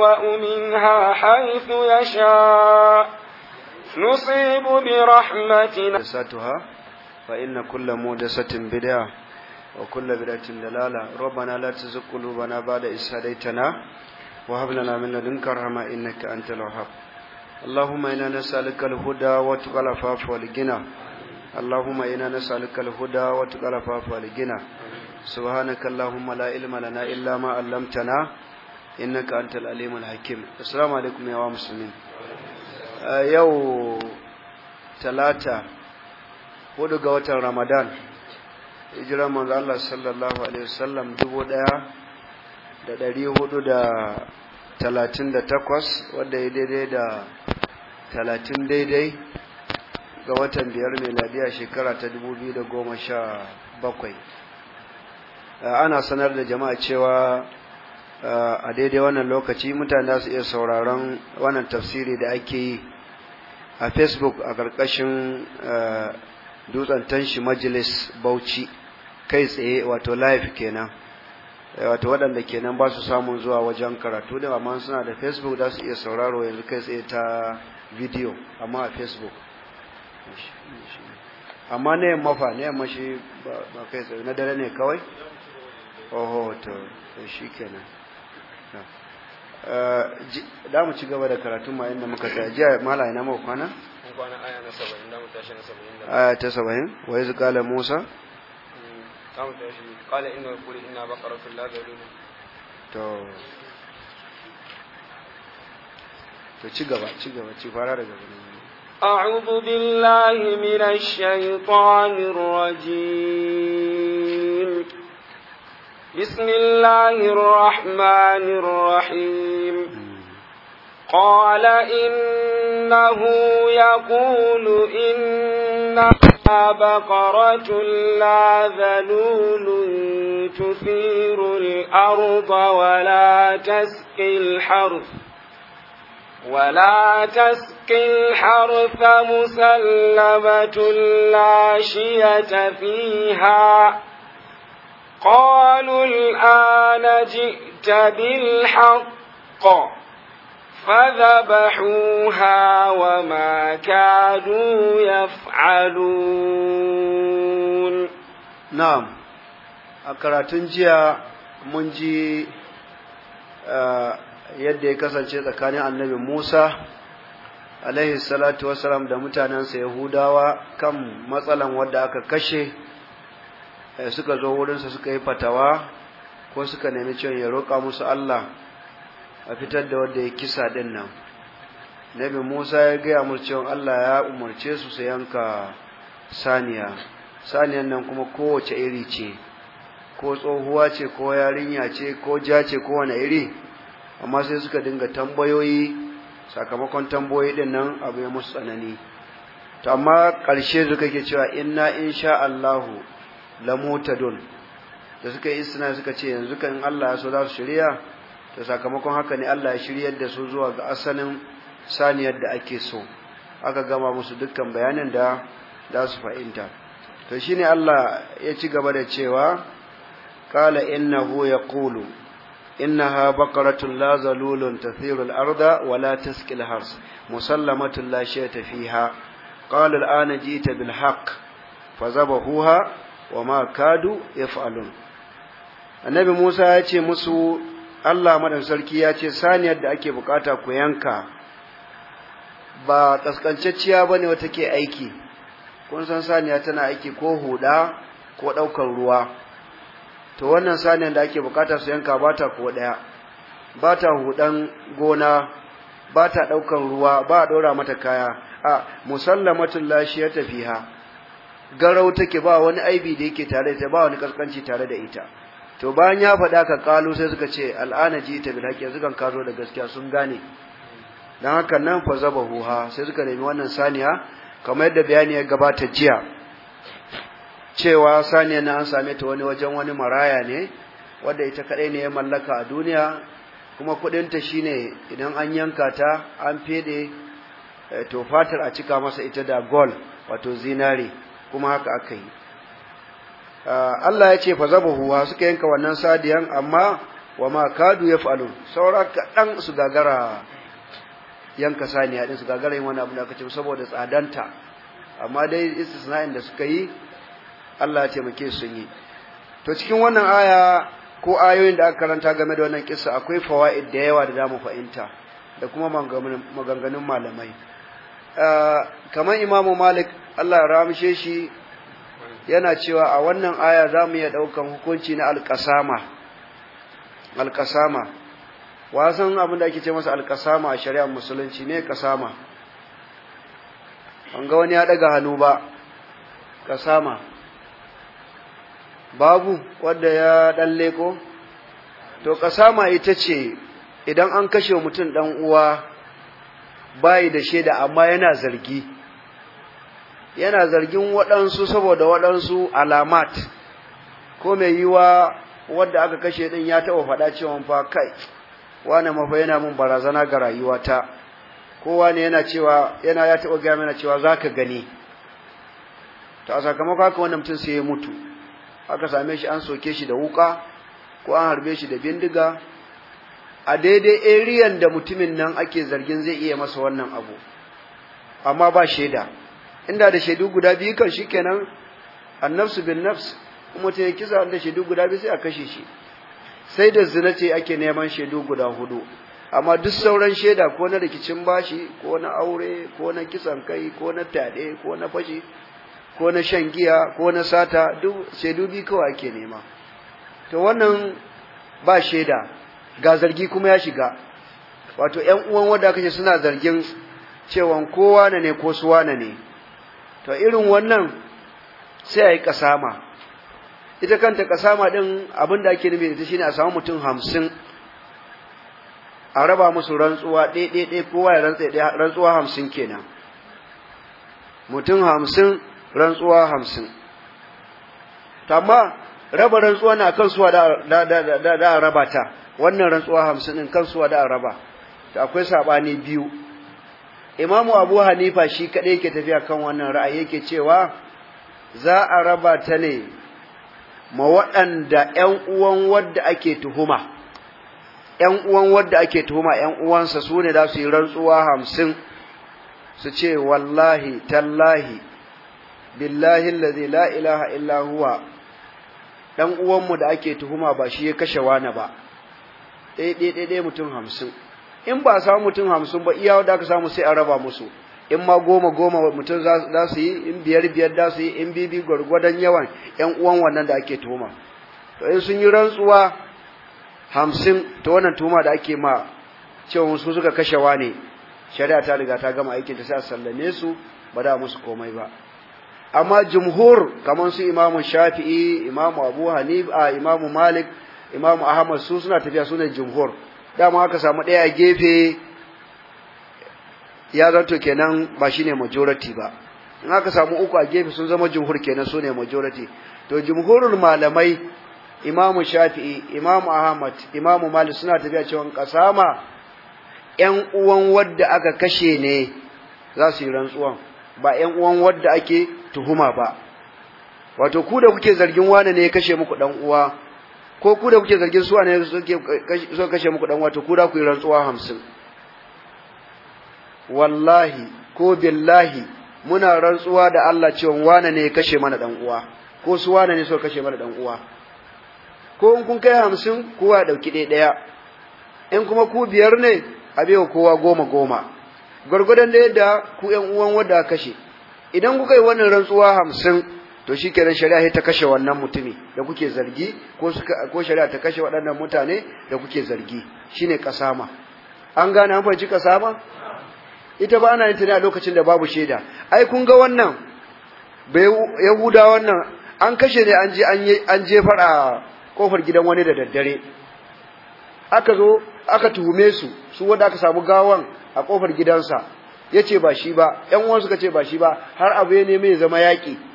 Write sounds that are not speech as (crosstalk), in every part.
يبوأ منها حيث يشاء نصيب برحمتنا مدساتها فإن كل مدسة بدعة وكل بدعة دلالة ربنا لا تزغ قلوبنا بعد إذ هديتنا وهب لنا من لدنك رحمة إنك أنت الوهاب اللهم إنا نسألك الهدى وتقى العفاف والغنى اللهم إنا نسألك الهدى وتقى العفاف والغنى سبحانك اللهم لا علم لنا إلا ما علمتنا innaka antal alimul hakim assalamu alaikum yawa musulmin uh, yau talata hudu ga watan ramadan hijiran manzo Allah sallallahu alaihi wasallam dubu daya da dari hudu da talatin da takwas wadda ya daidai da talatin daidai ga watan biyar meladiya shekara ta dubu biyu da goma sha bakwai uh, ana sanar da jama'a cewa a daidai wannan lokaci mutane za su iya sauraron wannan tafsiri da ake yi a facebook a ƙarƙashin eh, dutsen tanshi majalis bauchi kai tsaye wato live kenan eh, wato waɗanda kenan ba su samun zuwa wajen karatu da amma suna da facebook za su iya sauraro yanzu kai tsaye ta video amma a facebook amma na yamma fa na yamma shi ba kai tsaye na dare ne kawai oho to shi kenan da eh, mu ci gaba da karatun ma inda muka ta jiya mala ina kwana aya na 70 aya ta 70 wa musa hmm, ci gaba ci gaba ci fara daga أعوذ بالله من الشيطان الرجيم بسم الله الرحمن الرحيم قال إنه يقول إنها بقرة لا ذلول تثير الأرض ولا تسقي الحرث ولا تسقي الحرث مسلمة لا شيئة فيها قالوا الآن جئت بالحق فذبحوها وما كادوا يفعلون نعم أكراتن جيا منجي yadda ya kasance tsakanin annabi Musa alaihi salatu wasalam da mutanensa Yahudawa kan matsalan wadda aka kashe Eh, suka zo wurinsa suka yi fatawa ko suka nemi cewa ya roƙa musu Allah a fitar da wanda ya kisa din nan nabi Musa ya gaya musu cewa Allah ya umarce su su yanka saniya saniyan nan kuma kowace iri ce ko tsohuwa ce ko yarinya ce ko ja ce ko wani iri amma sai suka dinga tambayoyi sakamakon tambayoyi din nan abu ya musu tsanani to amma ƙarshe zuka ke cewa inna insha Allahu dun da suka yi suna suka ce yanzu kan Allah so za su shirya to sakamakon haka ne Allah ya shiryar da su zuwa ga asalin saniyar da ake so aka gama musu dukkan bayanin da za su fahimta to shine Allah ya ci gaba da cewa qala innahu yaqulu إنها بقرة لا ذلول تثير الأرض ولا تسقي الحرث مسلمة tafiha شية فيها قال الآن fa zaba huha. wa ma kadu ya fa’alun. annabi Musa ya ce musu Allah madan sarki ya ce saniyar da ake bukata ku yanka ba ba bane wata ke aiki kun san saniya tana aiki ko huda ko daukar ruwa to wannan saniyar da ake bukata su yanka ba ta ko daya ba ta hudan gona ba ta daukan ruwa ba a dora mata kaya a musallamatul lashiyata fiha garau take ba wani aibi da yake tare da ta ba wani kaskanci tare da ita to bayan ya faɗa ka kalu sai suka ce al'ana ta bil haqi yanzu kan kazo da gaskiya sun gane dan haka nan fa zabahu ha sai suka nemi wannan saniya kamar yadda bayani ya gabata jiya cewa saniya na an same ta wani wajen wani maraya ne wanda ita kadai ne ya mallaka a duniya kuma kudin ta shine idan an yanka ta an fede eh, to fatar a cika masa ita da gold wato zinari kuma haka aka yi ah, Allah ya ce fa huwa suka yanka wannan sadiyan amma wa ma kadu ya fa'alu saura kaɗan su gagara yanka saniya din su gagara yin wani abu da aka ce saboda tsadanta amma dai istisna'in da suka yi Allah ya ce muke sun yi to cikin wannan aya ko ayoyin da aka karanta game da wannan kissa akwai fawaid da yawa da zamu fahimta da kuma maganganun malamai ah, kamar Imamu Malik Allah ramshe shi yana cewa a wannan aya za mu iya ɗaukan hukunci na alƙasama alƙasama wasan abin da ake ce masa alƙasama a shari'ar musulunci ne ƙasama an ga wani ya ɗaga hannu ba ƙasama babu wadda ya ɗan leko to ƙasama ita ce idan an kashe mutum ɗan uwa bayi da shaida amma yana zargi yana zargin waɗansu saboda waɗansu alamat ko mai yiwa wadda aka kashe din ya taɓa faɗa cewa fa kai wane mafa yana mun barazana ga rayuwata kowa ne yana cewa yana ya taɓa gaya mana cewa za ka gani to a sakamakon haka wannan mutum sai ya mutu aka same shi an soke shi da wuka ko an harbe shi da bindiga a daidai eriyan da mutumin nan ake zargin zai iya masa wannan abu amma ba shaida inda da shaidu guda biyu kan kenan annafsu bin nafs ta yi kisa da shaidu guda biyu sai a kashe shi sai da zina ce ake neman shaidu guda hudu amma duk sauran shaida ko na rikicin bashi ko na aure ko na kisan kai ko na tade ko na fashi ko na shan giya ko na sata duk shaidu biyu kawai ake nema to wannan ba shaida ga zargi kuma ya shiga wato 'yan uwan wanda kace suna zargin cewa kowa ne ko na ne to irin wannan sai a yi kasama ita kanta kasama din abin da ake nufi da shi ne a samu mutum hamsin a raba musu rantsuwa ɗaiɗaiɗai kowa ya rantsa rantsuwa hamsin kenan mutum hamsin rantsuwa hamsin to amma raba rantsuwa na kan suwa da da da raba ta wannan rantsuwa hamsin din kan suwa da raba to akwai sabani biyu Imamu Abu Hanifa shi kaɗai yake tafiya kan wannan ra'ayi yake cewa za a raba ta ne ma waɗanda ‘yan uwan wadda ake tuhuma, ‘yan uwan wadda ake tuhuma ‘yan uwansa su ne za su yi rantsuwa hamsin su ce wallahi tallahi billahi lazi la ilaha huwa ɗan uwanmu da ake tuhuma ba shi ya kashe wani ba, ɗaiɗaiɗaiɗai mutum hamsin. in ba a samu mutum hamsin ba iya da aka samu sai a raba musu in ma goma goma mutum za su yi in biyar biyar za su yi in bibi gwargwadon yawan yan uwan wannan da ake tuma to in sun yi rantsuwa hamsin ta wannan tuma da ake ma cewa su suka kashe ne shari'a ta riga ta gama aikin ta sai a sallame su ba da musu komai ba amma jumhur kamar su imamu shafi'i imamu abu a imamu malik imamu ahmad su suna tafiya su ne jumhur dama aka samu ɗaya a gefe ya zanto kenan ba shine majority ba in aka samu uku a gefe sun zama jumhur kenan su ne majority to jumhurul malamai imam shafi'i imam ahmad imam malik suna tafiya cewa kasama yan uwan wadda aka kashe ne za su yi rantsuwan ba yan uwan wadda ake tuhuma ba wato ku da kuke zargin wane ne ya kashe muku dan uwa ko ku da kuke zargin su ne suke kashe muku dan wato ku da ku yi rantsuwa hamsin wallahi ko billahi muna rantsuwa da Allah cewa wane ne ya kashe mana dan uwa ko su wane ne suka kashe mana dan uwa ko in kun kai hamsin kowa dauki ɗaya ɗaya in kuma ku biyar ne a bai kowa goma goma gwargwadon da yadda ku ƴan uwan wanda kashe idan kuka yi wannan rantsuwa hamsin to kenan shari'a ta kashe wannan mutumi da kuke zargi ko suka ko shari'a ta kashe waɗannan mutane da kuke zargi shine kasama an gane an fahimci kasama ita ba ana yin ne a lokacin da babu shaida ai kun ga wannan bai yahuda wannan an kashe ne an je an jefar a kofar gidan wani da daddare aka zo aka tuhume su su wanda aka samu gawan a kofar gidansa yace ba shi ba ƴan uwan suka ce ba shi ba har abu ya neme ya zama yaki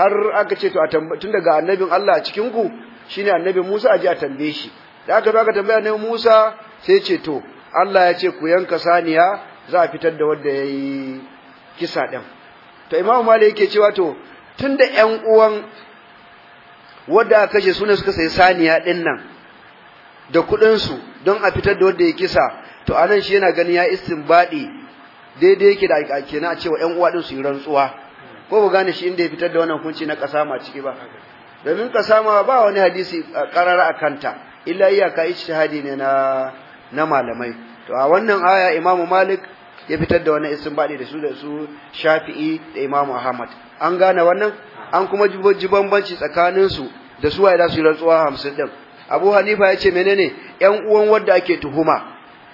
har aka ce to a tun daga annabin Allah a cikin ku shine annabin Musa aje a tambaye shi da aka zo aka tambaya annabin Musa sai ce to Allah ya ce ku yanka saniya za a fitar da wanda yayi kisa din to Imam Malik yake cewa to da ƴan uwan wanda aka kashe su suka sayi saniya din nan da kuɗin su don a fitar da wanda ya kisa to anan shi yana ganin ya istinbadi daidai yake da kenan a cewa ƴan uwa din su yi rantsuwa ko ba gane shi inda ya fitar da wannan hukunci na kasama ciki ba domin kasama ba wani hadisi karara a kanta illa iyaka ijtihadi ne na na malamai to a wannan aya imamu malik ya fitar da wannan istinbadi da su da su shafi'i da imamu ahmad an gane wannan an kuma ji bambanci tsakanin su da su waye za su yi rantsuwa hamsin din abu hanifa ya ce menene ƴan uwan wanda ake tuhuma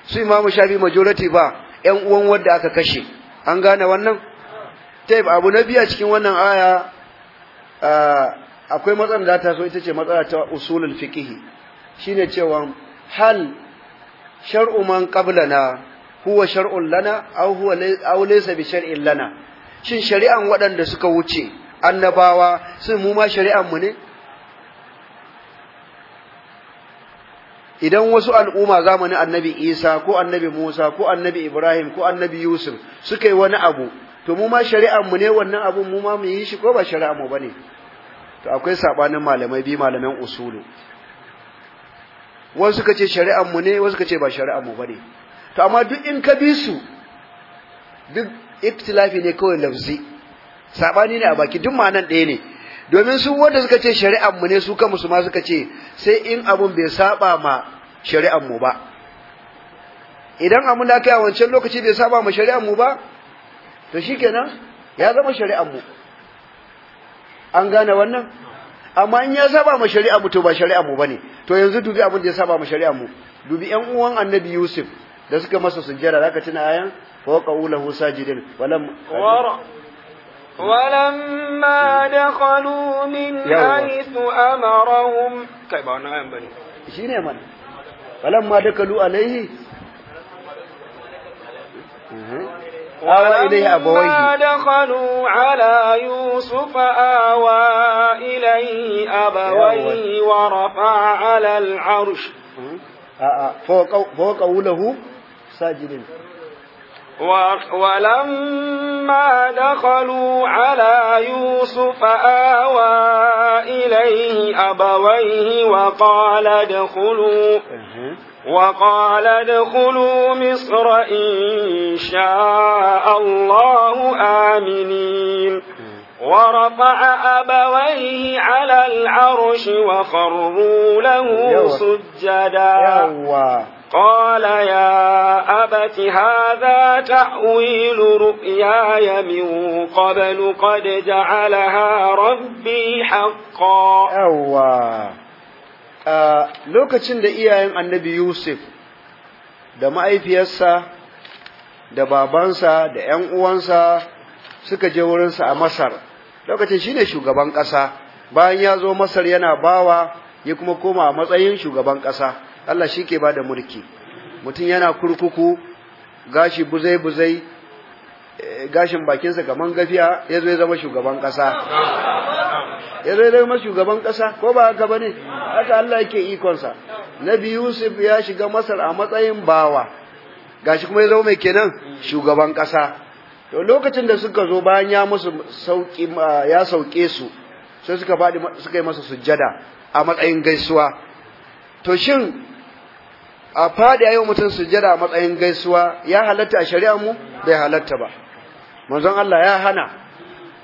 su imamu shafi majority ba ƴan uwan wanda aka kashe an gane wannan taib abu na biya cikin wannan aya akwai matsalar da ta so ita ce matsala ta usulul fiqh shine cewa hal shar'u man qablana huwa shar'un lana aw huwa aw laysa bi shar'in lana shin shari'an waɗanda suka wuce annabawa sun mu ma shari'an mu ne idan wasu al'umma zamanin annabi Isa ko annabi Musa ko annabi Ibrahim ko annabi Yusuf suka yi wani abu to mu ma shari'ar mu ne wannan abun mu ma mu yi shi ko ba shari'ar mu bane to akwai sabanin malamai bi malaman usulu wasu suka ce mu ne wasu suka ce ba shari'ar mu bane to amma duk in ka bi su duk iktilafi ne kawai lafzi sabani ne a baki duk ma'anan ɗaya ne domin su wanda suka ce shari'ar mu ne su kanmu su ma suka ce sai in abun bai saba ma shari'ar mu ba idan abun da aka yi a wancan lokaci bai saba ma shari'ar mu ba to kenan ya zama shari'ar mu an gane wannan amma in ya saba ma shari'a mu to ba shari'a mu bane to yanzu dubi abin da ya saba ma shari'a mu dubi 'yan uwan Annabi Yusuf da suka masa sujjada zaka tuna ayan fawqa'u lahu sajidin walam ولما دخلوا من حيث أمرهم كيف أنا أم بني شين يا من ولما دخلوا عليه آوى إليه أبويه دخلوا على يوسف آوى إليه أبويه ورفع على العرش فوق فوق له ساجدين ولما دخلوا على يوسف آوى إليه أبويه وقال ادخلوا وقال ادخلوا مصر إن شاء الله آمنين ورفع أبويه على العرش وخروا له سجدا قال يا أبت هذا تأويل رؤياي من قبل قد جعلها ربي حقا أوا lokacin da iyayen annabi Yusuf da mahaifiyarsa da babansa da ‘yan uwansa suka je wurinsa a Masar, lokacin shi ne shugaban ƙasa, bayan ya zo Masar yana bawa ya kuma koma a matsayin shugaban ƙasa. Allah shi ke bada mulki mutum yana kurkuku gashi buzai buzai eh, gashin bakinsa kamar gafiya ya zo ya zama shugaban ƙasa ya zo ya zama shugaban ƙasa ko ba haka ne? haka Allah yake ikonsa biyu Yusuf ya shiga Masar a matsayin bawa gashi kuma ya zama mai kenan shugaban ƙasa to lokacin da suka zo bayan ya musu sauki ya sauke su sai suka faɗi suka yi masa sujjada a matsayin gaisuwa to shin a fadi ayo mutum sujjada a matsayin gaisuwa ya halatta a shari'a mu bai halatta ba manzon Allah ya hana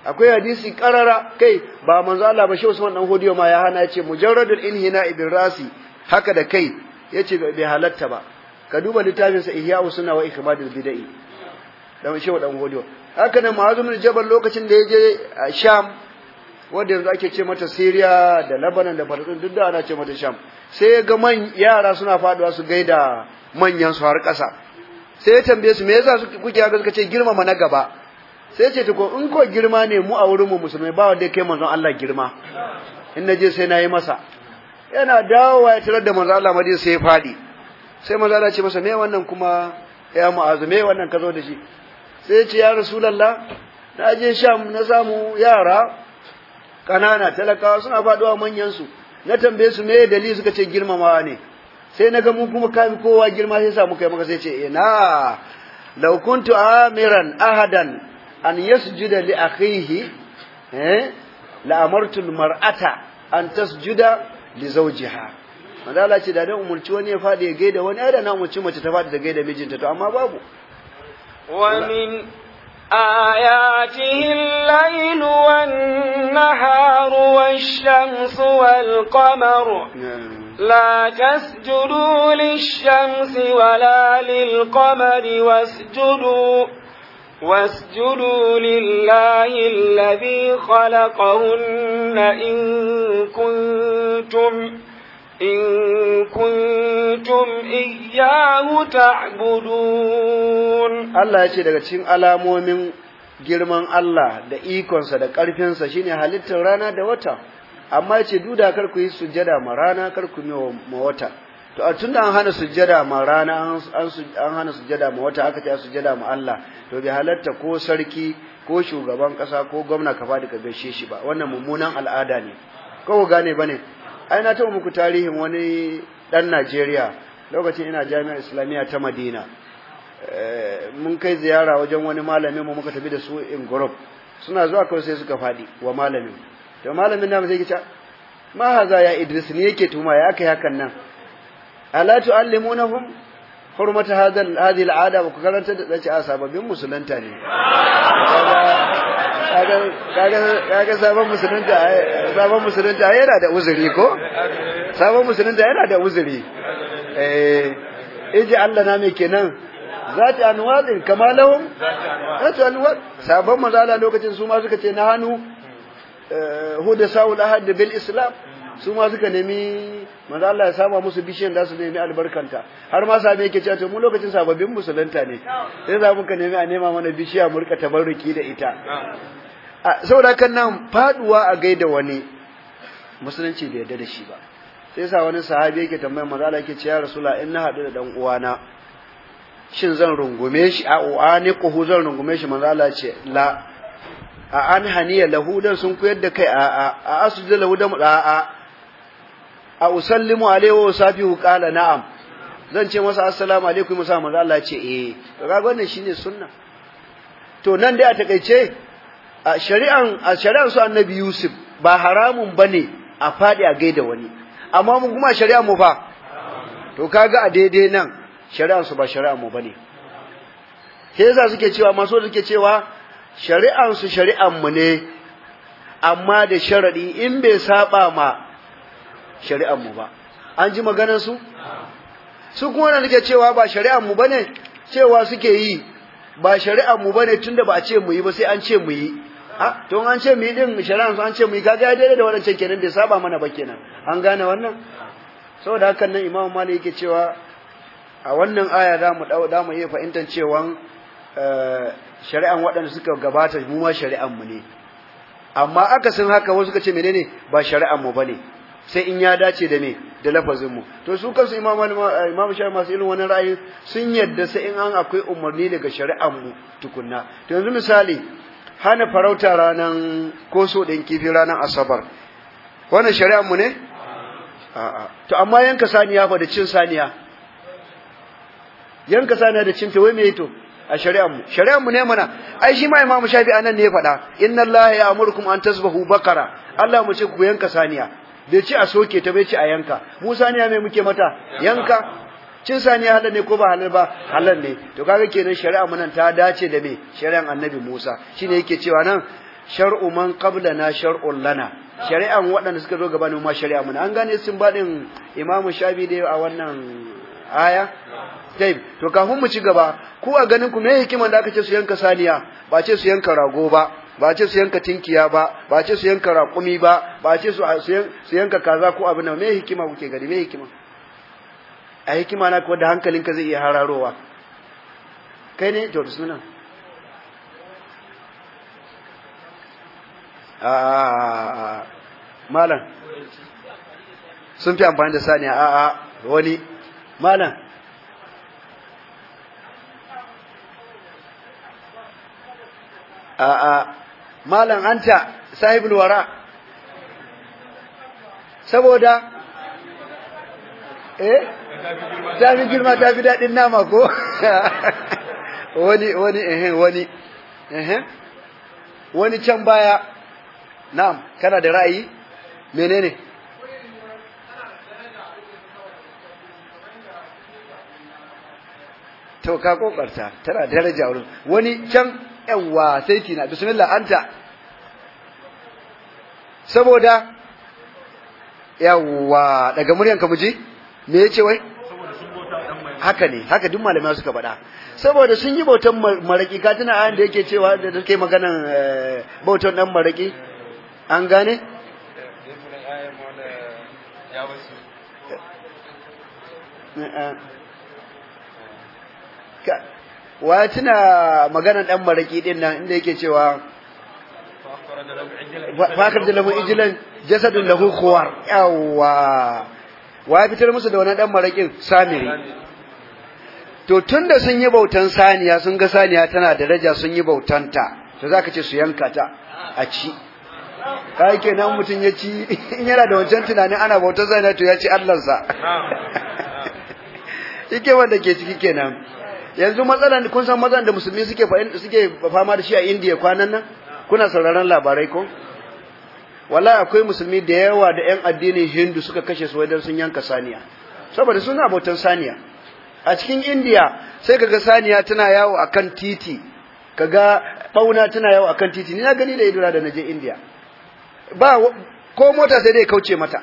akwai hadisi karara kai ba manzon Allah ba shi Usman dan Hudiyo ma ya hana yace mujarradul inhina ibn rasi haka da kai yace bai halatta ba ka duba littafin sa Ihya Sunna wa Ikmadul Bid'ah dan shi dan Hudiyo haka nan ma'azumul Jabal lokacin da ya je Sham wanda yanzu ake ce mata Syria da Lebanon da Palestine duk da ana ce mata Sham sai ga man yara suna faduwa su gaida manyan su har kasa sai ya tambaye su me yasa kuke ga suka ce girmama na gaba sai ce ta ko in ko girma ne mu a wurin mu musulmai ba wanda kai manzon Allah girma in naje sai nayi masa yana dawo ya tarar da manzon Allah madin sai ya fadi sai manzon Allah ce masa me wannan kuma ya mu'azu me wannan ka zo da shi sai ya ce ya rasulullah na je sham na samu yara ƙanana talakawa suna faɗuwa manyansu na tambaye su me dalili suka ce girmamawa ne sai na ga mu kuma kafi kowa girma sai sa muka yi maka sai ce ina law kuntu amiran ahadan an yasjuda li akhihi eh la amartu al mar'ata an tasjuda li zawjiha madala ce da dan umurci wani ya faɗi ya gaida wani ai da na umurci mace ta fadi ta gaida mijinta to amma babu wa min آياته الليل والنهار والشمس والقمر نعم. لا تسجدوا للشمس ولا للقمر واسجدوا واسجدوا لله الذي خلقهن إن كنتم إن كنتم إياه تعبدون الله يشهد لكتشين على مؤمن girman Allah da ikonsa da ƙarfinsa shine halittar rana da wata amma yace duda kar ku yi sujada ma rana kar ku yi ma wata to a da an hana sujjada ma rana an hana sujjada ma wata aka ce sujada ma Allah to bai halatta ko sarki ko shugaban ƙasa, ko gwamna ka fadi ka gaishe shi ba wannan mummunan al'ada ne ko gane bane ai na taɓa muku tarihin wani ɗan Najeriya lokacin ina jami'ar Islamiyya ta Madina eh, mun kai ziyara wajen wani malami mu muka tafi da su in group suna zuwa kawai sai suka faɗi wa malamin to malamin namu sai kice ma haza ya Idris ne yake tuma ya kai hakan nan ala tuallimunahum hurmata hadha hadhihi al'ada ba ku karanta da dace a sababbin musulunta ne (laughs) kaga sabon musulunta sabon musulunta yana da uzuri ko sabon musulunta yana da uzuri eh iji Allah na me kenan zati anwadin kama lahum zati anwad sabon mazala lokacin su ma suka ce na hannu eh, huda saul ahad bil islam su ma suka nemi manzo Allah ya saba musu bishiyan da su nemi albarkanta har ma sabe yake cewa to mu lokacin sababbin musulunta ne sai za mu ka nemi a nema mana bishiya murka rika tabarruki da ita saboda haka nan faduwa a gaida wani musulunci bai yarda da shi ba sai sa wani sahabi yake tambaya manzo Allah yake cewa rasula in na hadu da dan uwana shin zan rungume shi a uani kuhu zan rungume shi manzo Allah ce la a an haniya lahu dan sun koyar da kai a a a asjudu lahu dan a a a usallimu alaihi wa safihu qala na'am zan ce masa assalamu alaikum masa manzo Allah ce eh to kaga wannan shine sunna to nan dai a takeice a shari'an a shari'an su annabi Yusuf ba haramun bane a fadi a gaida wani amma mun kuma shari'an mu fa to kaga a daidai nan shari'an su ba shari'an mu bane sai yasa suke cewa maso suke cewa shari'an su shari'an mu ne amma da sharadi in bai saba ma shari'an mu ba an ji maganar su su kuma da suke cewa ba shari'an mu bane cewa suke yi ba shari'an mu bane tunda ba a ce mu yi ba sai an ce mu yi a to an ce mu yi din shari'an an ce mu yi kaga daidai da wadancan kenan bai saba mana ba kenan an gane wannan saboda hakan nan imamu malik yake cewa a wannan aya za mu da mu iya fahimtar cewa eh, shari'an waɗanda suka gabata mu ma shari'an mu ne amma akasin haka wasu suka ce menene ba shari'an mu bane sai in ya dace da me da lafazin mu to su kansu imam imamu shari'a masu irin wannan ra'ayi sun yadda sai in an akwai umarni daga shari'an mu tukunna to yanzu misali hana farauta ranan ko so ɗin kifi ranan asabar wannan shari'ar mu ne a'a to amma yanka saniya fa da cin saniya yanka saniya da cin ta wai me to a shari'ar mu shari'ar mu ne mana ai shi ma imamu shafi anan ne ya faɗa inna allaha ya'murukum an tasbahu bakara Allah mu ce ku yanka saniya bai ci a soke ta bai ci a yanka mu saniya me muke mata yanka cin sani halal ne ko ba halal ba halal ne to kaga kenan shari'a mu ta dace da me shari'an annabi Musa shine yake cewa nan shar'u man qablana shar'un lana shari'an waɗanda suka zo gaba ne ma shari'a mun an gane sun baɗin imamu shafi da a wannan aya dai to kafin mu ci gaba ku a ganin ku me hikiman da aka ce su yanka saniya ba ce su yanka rago ba ba ce su yanka tinkiya ba ba ce su yanka raƙumi ba ba ce su yanka kaza ko abin nan me hikima kuke gani me hikima a hikima na kuwa da hankalinka zai iya hararowa kai ne jordi bismillah a malam sun fi amfani da sani a a ah, ah, wani malam a ah, a malam anta sahibul wara saboda eh ta fi girma ta fi daɗin nama ko (laughs) wani wani ehem wani ehem wani can baya na'am kana da ra'ayi menene to ka kokarta tana daraja wurin wani can yawa sai tina bismillah anta saboda yawa daga muryanka muji me yace wai haka ne haka duk malamai suka faɗa saboda sun yi bautan maraki ka tuna ayan da yake cewa da take magana eh, bautan dan maraki an gane eh, eh. wa tuna maganan dan maraki din nan inda yake cewa fakar da lahu ijilan jasadun lahu hukuwar yawa wa fitar musu da wani dan marakin samiri to tun da sun yi bautan saniya sun ga saniya tana daraja sun yi bautanta to za ka ce su yanka ta a ci kai kenan mutum ya ci in yana da wancan tunanin ana bautar saniya to ya ci sa (laughs) ike wanda ke ciki kenan yanzu matsalan kun san matsalan da musulmi suke suke fama da shi a India kwanan nan kuna sauraron labarai ko wallahi akwai musulmi da yawa da yan addinin Hindu suka kashe su wajen sun yanka saniya saboda suna bautan saniya a cikin indiya sai kaga saniya tana yawo akan titi kaga ɓauna tana yawo akan titi ni na gani da idura da naje India ba ko mota sai dai kauce mata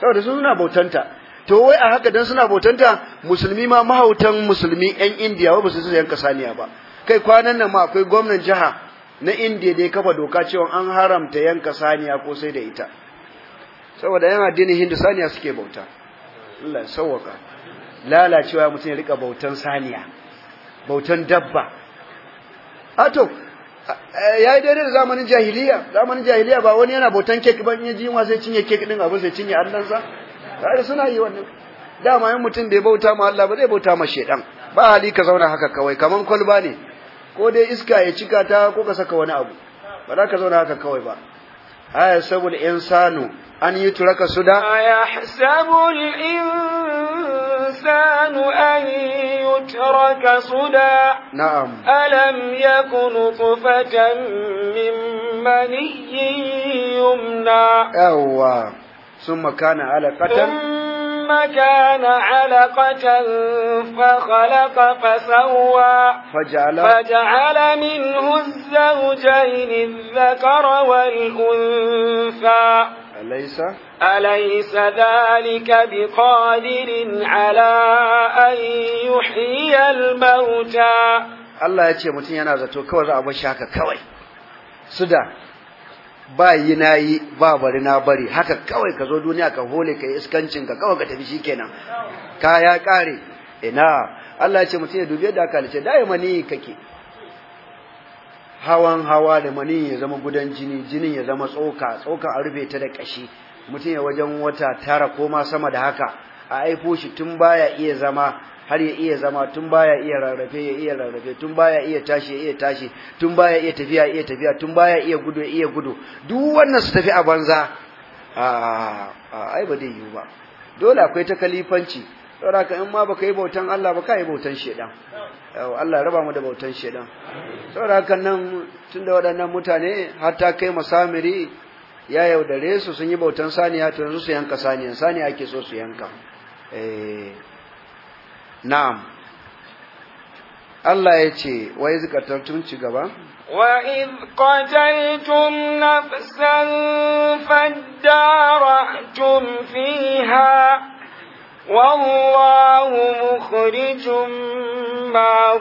saboda sun suna bautanta to wai a haka dan suna bautanta musulmi ma mahautan musulmi yan indiya wai ba su yanka saniya ba kai kwanan nan ma akwai gwamnan jiha na Indiya da ya kafa doka cewa an haramta yanka saniya ko sai da ita saboda yan addinin Hindu saniya suke bauta lalacewa mutum ya rika bautan saniya bautan dabba ato ya yi daidai da zamanin jahiliya zamanin jahiliya ba wani yana bautan kek ba ya ji sai cinye kek din abu sai cinye allansa kare suna yi wannan dama yin mutum bai bauta ma Allah ba zai bauta ma shedan ba hali ka zauna haka kawai kaman kwalba ne ko dai iska ya cika ta ko ka saka wani abu ba za ka zauna haka kawai ba أيحسب الإنسان أن يترك سدى أيحسب الإنسان أن يترك سدى نعم ألم يكن طفة من مني يمنى أوه ثم كان علقة ثم ثم كان علقة فخلق فسوى فجعل, فجعل منه الزوجين الذكر والأنثى أليس أليس ذلك بقادر على أن يحيي الموتى Allah ya ce mutum yana zato kawai za a bar shi haka kawai. Suda ba yi na yi ba bari na bari haka kawai ka zo duniya ka hole ka yi iskancin ka kawai ka tafi shikenan ka ya kare ina Allah ya ce mutum ya dubi da aka da yamma mani kake hawan hawa da mani ya zama gudan jini jinin ya zama tsoka tsoka a rufe ta da kashi mutum ya wajen wata tara ko ma sama da haka a aiko shi tun baya iya zama har ya iya zama tun baya iya rarrafe ya iya rarrafe tun baya iya tashi ya iya tashi tun baya iya tafiya iya tafiya tun baya iya gudu ya iya gudu duk wannan su tafi a banza a ai ba dai yiwu ba dole akwai ta kalifanci saboda ka in ma baka yi bautan Allah ba ka yi bautan shedan Allah raba mu da bautan shedan saboda haka nan tunda waɗannan mutane har ta kai masamiri ya yaudare su sun yi bautan saniya to yanzu su yanka saniya saniya ake so su yanka e, Naam Allah ya ce, wa yi zikatar tunci gaba? Wa in kwatantun na fadara tun fi wallahu mukhrijum ma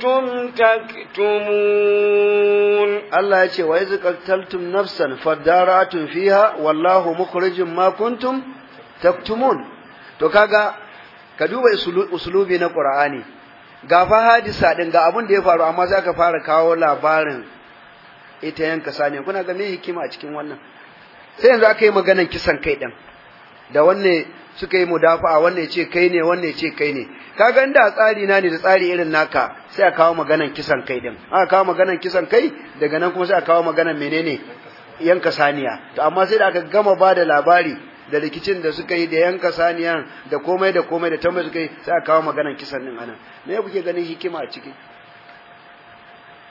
taktumun Allah ya ce, wa yi zikatar tun nafsan fadara tun fiha, ha, wallahu mukhrijum ma taktumun to kaga ka duba usulubi na qur'ani ga fa hadisa din ga abin da ya faru amma sai ka fara kawo labarin ita yanka sani kuna ga me hikima a cikin wannan sai yanzu aka yi maganan kisan kai din da wanne suka yi mudafa'a wanne ce kai ne wanne ce kai ne kaga inda tsari na ne da tsari irin naka sai a kawo maganan kisan kai din aka kawo maganan kisan kai daga nan kuma sai a kawo maganan menene yanka saniya to amma sai da aka gama ba da labari da rikicin da suka yi da yanka saniyan da komai da komai da tambayar suka yi sai a kawo maganan kisan din anan me kuke ganin hikima a ciki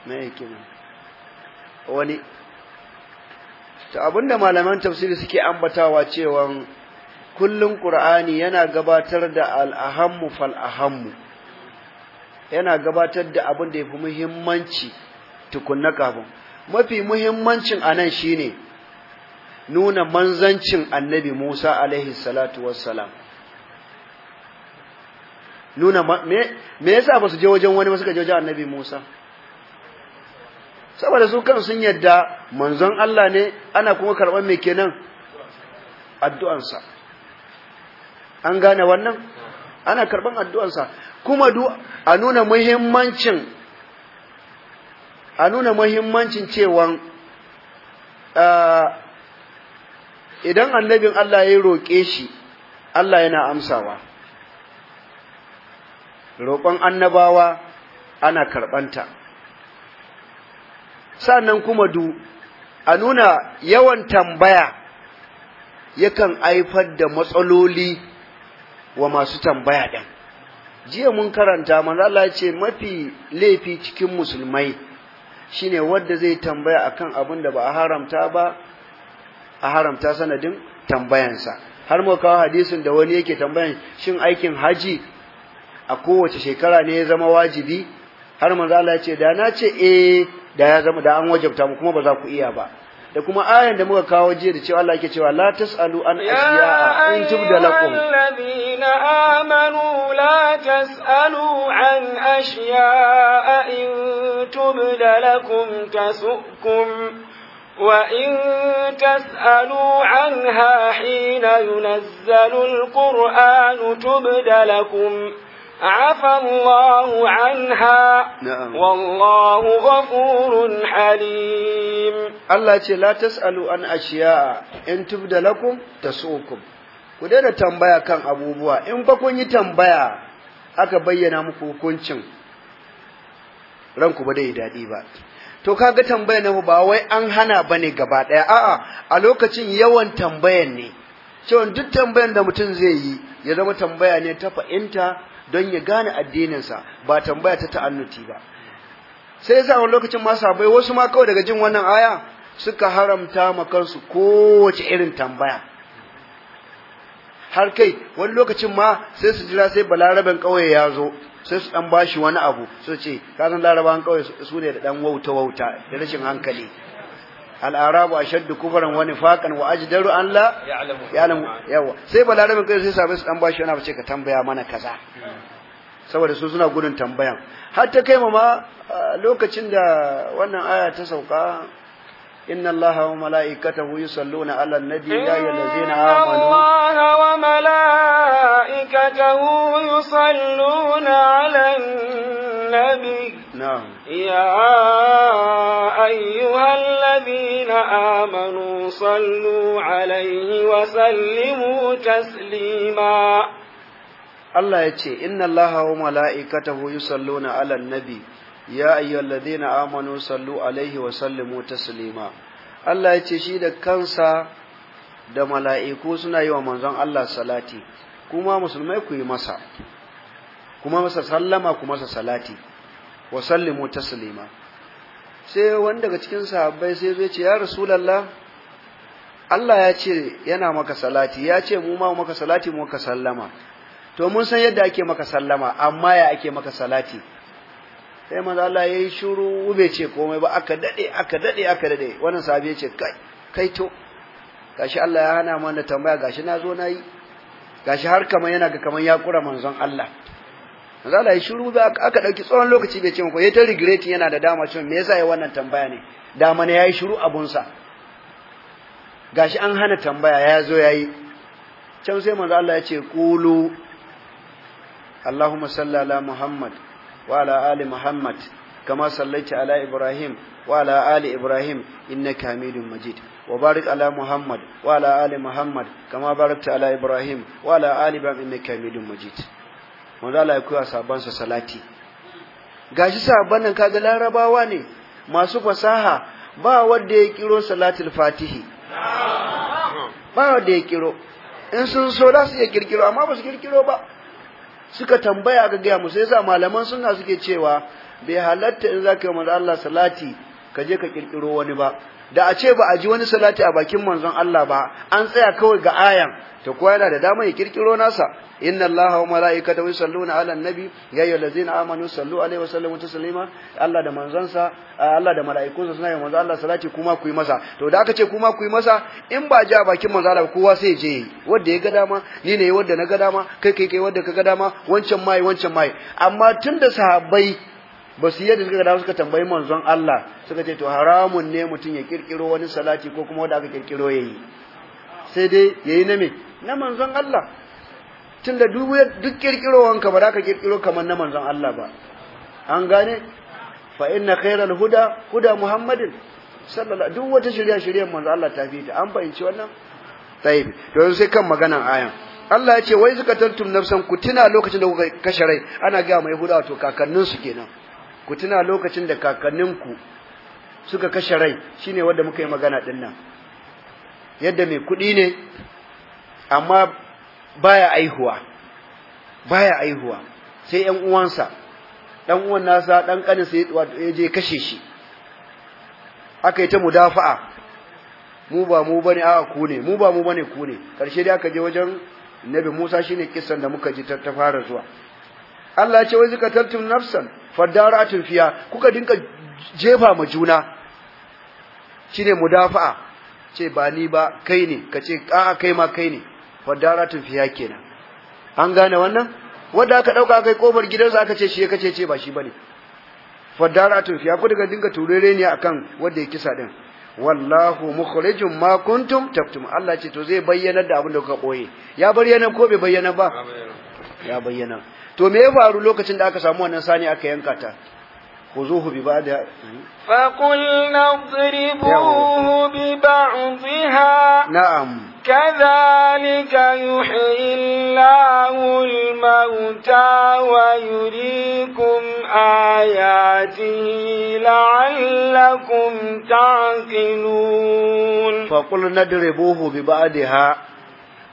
me hikima wani to abinda malaman tafsiri suke ambatawa cewa kullun qur'ani yana gabatar da al-ahammu fal ahammu yana gabatar da abin da yafi muhimmanci tukunna kafin mafi muhimmancin anan shine nuna manzancin annabi Musa alaihi salatu wassalam nuna me yasa ba su je wajen wani ba suka je wajen annabi Musa saboda su kan sun yadda manzon Allah ne ana kuma karɓar mai kenan addu'ansa an gane wannan ana karɓar addu'ansa kuma du a nuna muhimmancin a nuna muhimmancin cewa ah, idan annabin Allah ya roƙe shi Allah yana amsawa roƙon annabawa ana karɓanta sannan kuma du a nuna yawan tambaya yakan aifar da matsaloli wa masu tambaya ɗin jiya mun karanta manzo Allah ce mafi laifi cikin musulmai shine wanda zai tambaya akan abin da ba a haramta ba a haramta sanadin tambayansa har mu kawo hadisin da wani yake tambayan shin aikin haji a kowace shekara ne ya zama wajibi har manzo Allah ya ce da na ce eh da ya zama da an wajabta mu kuma ba za ku iya ba da kuma ayan da muka kawo jiya da cewa Allah yake cewa la tasalu an asya'a in tubda lakum alladhina amanu la tasalu an asya'a in tubda tasukum وإن تسألوا عنها حين ينزل القرآن تبد لكم عفى الله عنها نعم. والله غفور حليم الله لا تسألوا عن أشياء إن تبد لكم تسوكم ku daina tambaya kan abubuwa in ba kun yi tambaya aka bayyana muku hukuncin ranku ba dai daɗi to kaga tambayar namu ba wai an hana bane gaba daya a'a a lokacin yawan tambayar ne cewa duk tambayar da mutum zai yi ya zama tambaya ne ta fa'inta don ya gane addininsa ba tambaya ta ta'annuti ba sai yasa wani lokacin ma sabai wasu ma kawai daga jin wannan aya suka haramta ma kansu kowace irin tambaya har kai wani lokacin ma sai su jira sai balaraben kauye ya zo sai su dan bashi wani abu su ce ka san larabawan kauye su ne da dan wauta wauta da rashin hankali al'arabu ashaddu kufran wa nifaqan wa ajdaru an la yawa sai balaraben kauye sai sabai su dan bashi wani abu ce ka tambaya mana kaza saboda su suna gudun tambayan har ta kai ma lokacin da wannan aya ta sauka إن الله وملائكته يصلون على النبي يا أيها الذين آمنوا إن الله وملائكته يصلون على النبي نعم يا أيها الذين آمنوا صلوا عليه وسلموا تسليما الله يتي إن الله وملائكته يصلون على النبي ya ayyuhalladhina amanu sallu alaihi wa sallimu taslima Allah ya ce shi da kansa da mala'iku suna yi wa manzon Allah salati kuma musulmai ku yi masa kuma masa sallama kuma masa salati wa sallimu taslima sai wani daga cikin sahabbai sai zai ce ya rasulullah Allah ya ce yana maka salati ya ce mu ma maka salati mu maka sallama to mun san yadda ake maka sallama amma ya ake maka salati sai manzo Allah yayi shiru bai ce komai ba aka dade aka dade aka dade wannan sahabi ya ce kai kai to gashi Allah ya hana mana tambaya gashi nazo nayi gashi har kaman yana ga kamar ya kura manzon Allah manzo Allah ya shiru ba aka dauki tsawon lokaci bai ce ko ya ta regret yana da dama cewa me yasa ya wannan tambaya ne da mana yayi shiru abun sa gashi an hana tambaya ya zo yayi can sai manzo Allah ya ce qulu Allahumma salli ala Muhammad وعلى آل محمد كما صليت على إبراهيم وعلى آل إبراهيم إنك حميد مجيد وبارك على محمد وعلى آل محمد كما باركت على إبراهيم وعلى آل إبراهيم إنك حميد مجيد manzo Allah ya koya sabon sa salati gashi sabon nan kaga larabawa ne masu fasaha ba wanda ya kiro salatul fatihi ba wanda ya kiro in sun so za su iya kirkiro amma ba su kirkiro ba suka tambaya ga gaya musu yasa malaman sunna suke cewa bai halatta in zaka yi manzo Allah salati ka je ka kirkiro wani ba da a ce ba a ji wani salati a bakin manzon Allah ba an tsaya kawai ga ayan to kowa yana da dama ya kirkiro nasa inna allaha wa malaikatahu yusalluna ala annabi ya ayyuhallazina amanu sallu alaihi wa sallimu taslima Allah da manzansa Allah da malaikunsa suna yin manzon Allah salati kuma ku yi masa to da aka ce kuma ku yi masa in ba ji a bakin manzon Allah kowa sai je wanda ya ga dama ni ne wanda na ga dama kai kai kai wanda ka ga dama wancan mai wancan mai amma tunda sahabbai ba su yadda suka da suka tambayi manzon Allah suka ce to haramun ne mutum ya kirkiro wani salati ko kuma wanda aka kirkiro yayi sai dai yayi na me na manzon Allah tunda duk wanka ba za ka kirkiro kamar na manzon Allah ba an gane fa inna khairal huda huda muhammadin sallallahu duk wata shirya shiryan manzon Allah ta fita an fahimci wannan tayyib to sai kan maganan ayan Allah ya ce wai tantum nafsan ku tuna lokacin da kuka kashe rai ana ga mai huda to kakannin su kenan ku tuna lokacin da kakanninku suka kashe rai shine wanda muka yi magana din nan yadda mai kuɗi ne amma baya aihuwa baya aihuwa sai ƴan uwansa ɗan uwan nasa ɗan ƙanin sai ya je kashe shi aka yi ta mudafa'a mu ba mu bane a ku ne mu ba mu bane ku ne karshe da aka je wajen Nabi Musa shine kissan da muka ji ta fara zuwa Allah ya ce wai zakatartum nafsan fadaratun fiya kuka dinka jefa ma juna shine mudafa'a ce ba ni ba kai ne Ka ce ƙa'a kai ma kai ne fadaratun fiya kenan an gane wannan wanda aka dauka kai kofar gidansa aka ce shi kace ce ba shi bane fadaratun fiya ku daga dinga turere ne akan wanda ya kisa din wallahu mukhrijum ma kuntum taktum Allah ce to zai bayyana da abin da kuka koye ya bayyana ko bai bayyana ba ya bayyana to me ya faru lokacin da aka samu wannan sani aka yanka ta khuzuhu bi ba'da fa qulna dribuhu bi ba'dha na'am kadhalika yuhyi Allahu al-mauta wa yuriikum ayatihi la'allakum ta'qilun fa qulna dribuhu bi ba'dha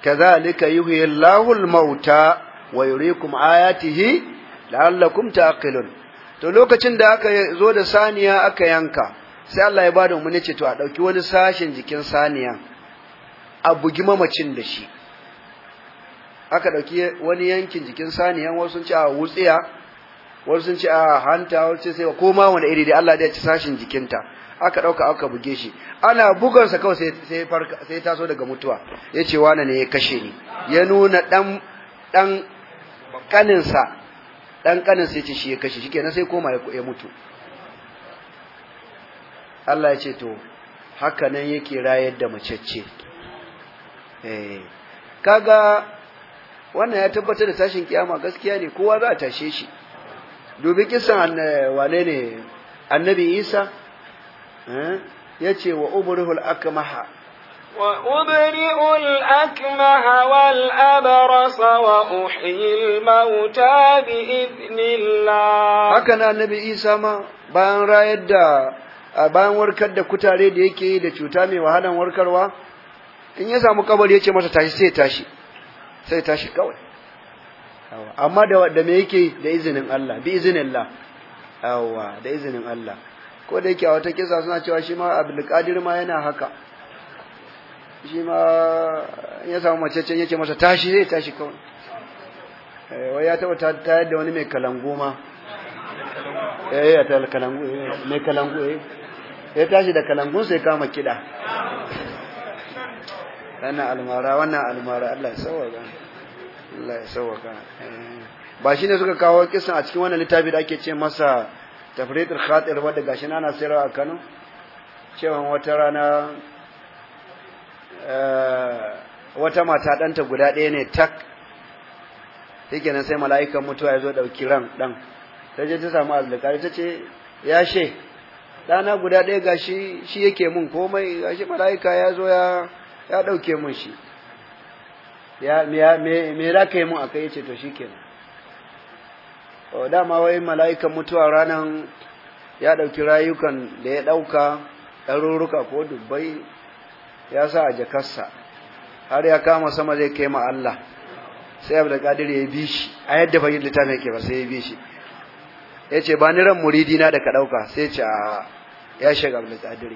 kadhalika yuhyi Allahu al-mauta wa yurikum ayatihi la'allakum taqilun to lokacin da aka zo da saniya aka yanka sai Allah ya bada mu ce to a dauki wani sashen jikin saniya a bugi mamacin da shi aka dauki wani yankin jikin saniya wasu sun ce a wutsiya wasu sun ce a hanta wasu sai ko wani iri da Allah ya ci sashin jikinta aka dauka aka buge shi ana sa kawai sai sai farka sai taso daga mutuwa yace wane ne ya kashe ni ya nuna dan dan kaninsa ɗan kanin sai ce shi ya kashe shikenan sai koma ya mutu Allah ya ce to haka nan yake rayar da macece eh kaga wannan ya tabbatar da tashin kiyama gaskiya ne kowa za a tashe shi dubi kisan wane ne annabi Isa eh yace wa umruhul akmaha وأبرئ الأكمه والأبرص وأحيي الموتى بإذن الله هكذا النبي إيسى ما bayan rayar da bayan warkar da kutare da yake yi da cuta mai wahalan warkarwa in ya samu kabari ya ce masa tashi sai tashi sai tashi kawai amma da da me yake da izinin Allah bi izinin Allah da izinin Allah ko da yake a wata kisa suna cewa shima ma Qadir ma yana haka shi ma ya samu macaccen yake masa tashi zai tashi kawai eh, wai ya taɓa tayar da wani mai kalangu ma eh ya ta kalangu eh, mai kalangu eh ya tashi da kalangun sai kama kiɗa wannan almara wannan almara Allah ya sauwaka Allah ya sauwaka eh, ba shi ne suka kawo kisan a cikin wannan littafi da ake ce masa tafritul khatir wadda gashi ana sayarwa a Kano cewa wata rana Eh, wata mata ɗanta guda ɗaya ne tak nan sai mala'ikan mutuwa ya zo ɗauki ran ɗan ta je ta samu azzakari ta ce ya she ɗana guda ɗaya gashi shi yake mun komai gashi mala'ika ya zo ya ya ɗauke mun shi ya me me za ka yi mun akai ya ce to shikenan o dama wai mala'ikan mutuwa ranan ya ɗauki rayukan da ya ɗauka ɗaruruka ko dubbai ya sa a jakarsa har ya kama sama zai kai ma Allah sai abu da kadir ya bi shi a yadda fagin littafin ke ba sai ya bi shi ya ce ba ni ran muridi na da ka ɗauka sai ce a ya shiga abu da kadir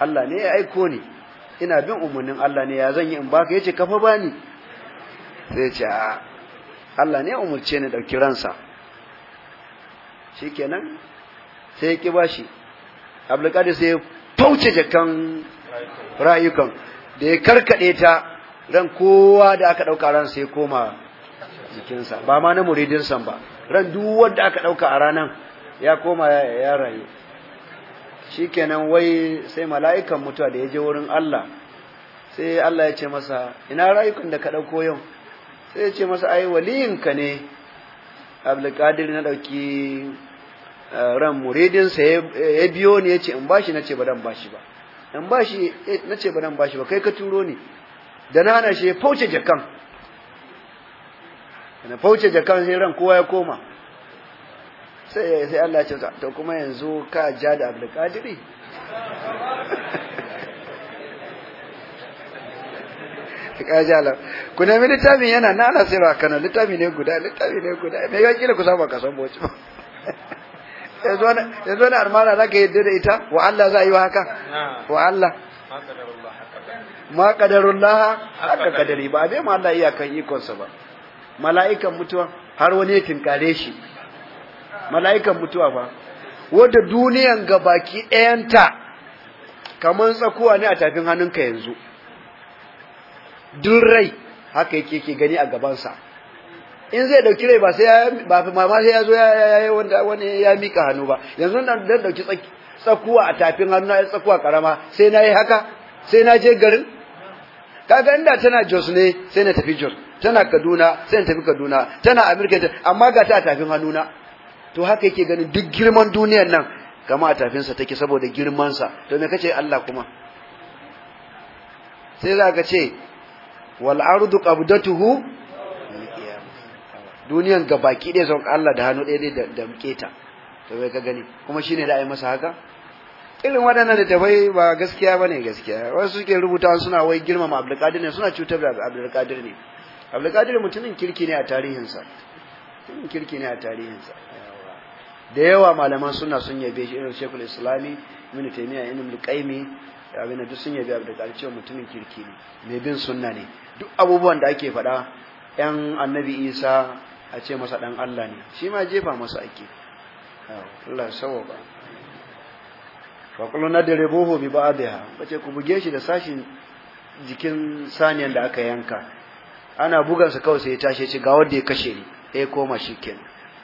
Allah ne ya aiko ni ina bin umarnin Allah ne ya zan yi in baka ya ce kafa ba ni sai ce a Allah ne ya umarce ni ɗauki ransa shi kenan sai ya ƙi ba shi abdulkadir sai ya fauce jakan rayukan da ya karkade ta ran kowa da aka dauka ran sai koma jikinsa ba ma na muridinsa ba ran duk wanda aka dauka a ranan ya koma ya rayu shikenan wai sai mala'ikan mutuwa da ya je wurin Allah sai Allah ya ce masa ina rayukan da ka dauko yau sai ya ce masa ai waliyinka ne Qadir na dauki eh, ran muridinsa ya biyo ne ya ce in bashi na ce ba dan bashi ba in ba shi eh, na ce ba nan ba shi ba kai ka turo ni da na shi ya fauce jakan na fauce jakan sai ran kowa ya koma sai sai Allah ya ce to kuma yanzu ka ja da Abdul Qadiri (laughs) ka ja la kuna nemi littafin yana na sai ra kana littafi ne guda littafi ne guda me ga kila ku saba ka san boci yanzu wani armara za ka yadda da ita wa Allah za a yi wa haka wa Allah ma laha haka kadari ba bai ma Allah iyakan ikonsa ba mala'ikan mutuwa har wani ya tinkare shi mala'ikan mutuwa ba wadda duniyan baki ɗayanta kamar tsakuwa ne a tafin hannunka yanzu duk rai haka yake ke gani a gabansa in zai dauki rai ba sai ya ba mama sai ya zo ya ya wanda wani ya mika hannu ba yanzu nan dan dauki tsaki tsakuwa a tafin hannu na tsakuwa karama sai nayi yi haka sai na je garin kaga inda tana Jos ne sai na tafi Jos tana Kaduna sai na tafi Kaduna tana America amma ga ta tafin hannu na. to haka yake ganin duk girman duniyar nan kama a tafinsa take saboda girman sa to me kace Allah kuma sai za ka ce wal ardu qabdatuhu duniyan ga baki ɗaya sauka Allah da hannu ɗaya da muke ta to bai ka gani kuma shine da ai masa haka irin waɗannan da tafai ba gaskiya ba ne gaskiya wasu suke rubuta suna wai girmama abdulkadir ne suna cutar da abdulkadir ne abdulkadir mutumin kirki ne a tarihinsa mutumin kirki ne a tarihinsa da yawa malaman suna sun yabe shi irin shekul islami ibn taymiya ibn al-qaimi abin da duk sun yabe abdulkadir cewa mutumin kirki ne mai bin sunna ne duk abubuwan da ake faɗa yan annabi isa a ce masa dan Allah ne shi ma jefa masa ake Allah sawa ba fa kullu nadribuhu bi bace ku buge shi da sashin jikin saniyan da aka yanka ana bugan sa kawai sai ya tashi ci ga wanda ya kashe ni eh koma shi ken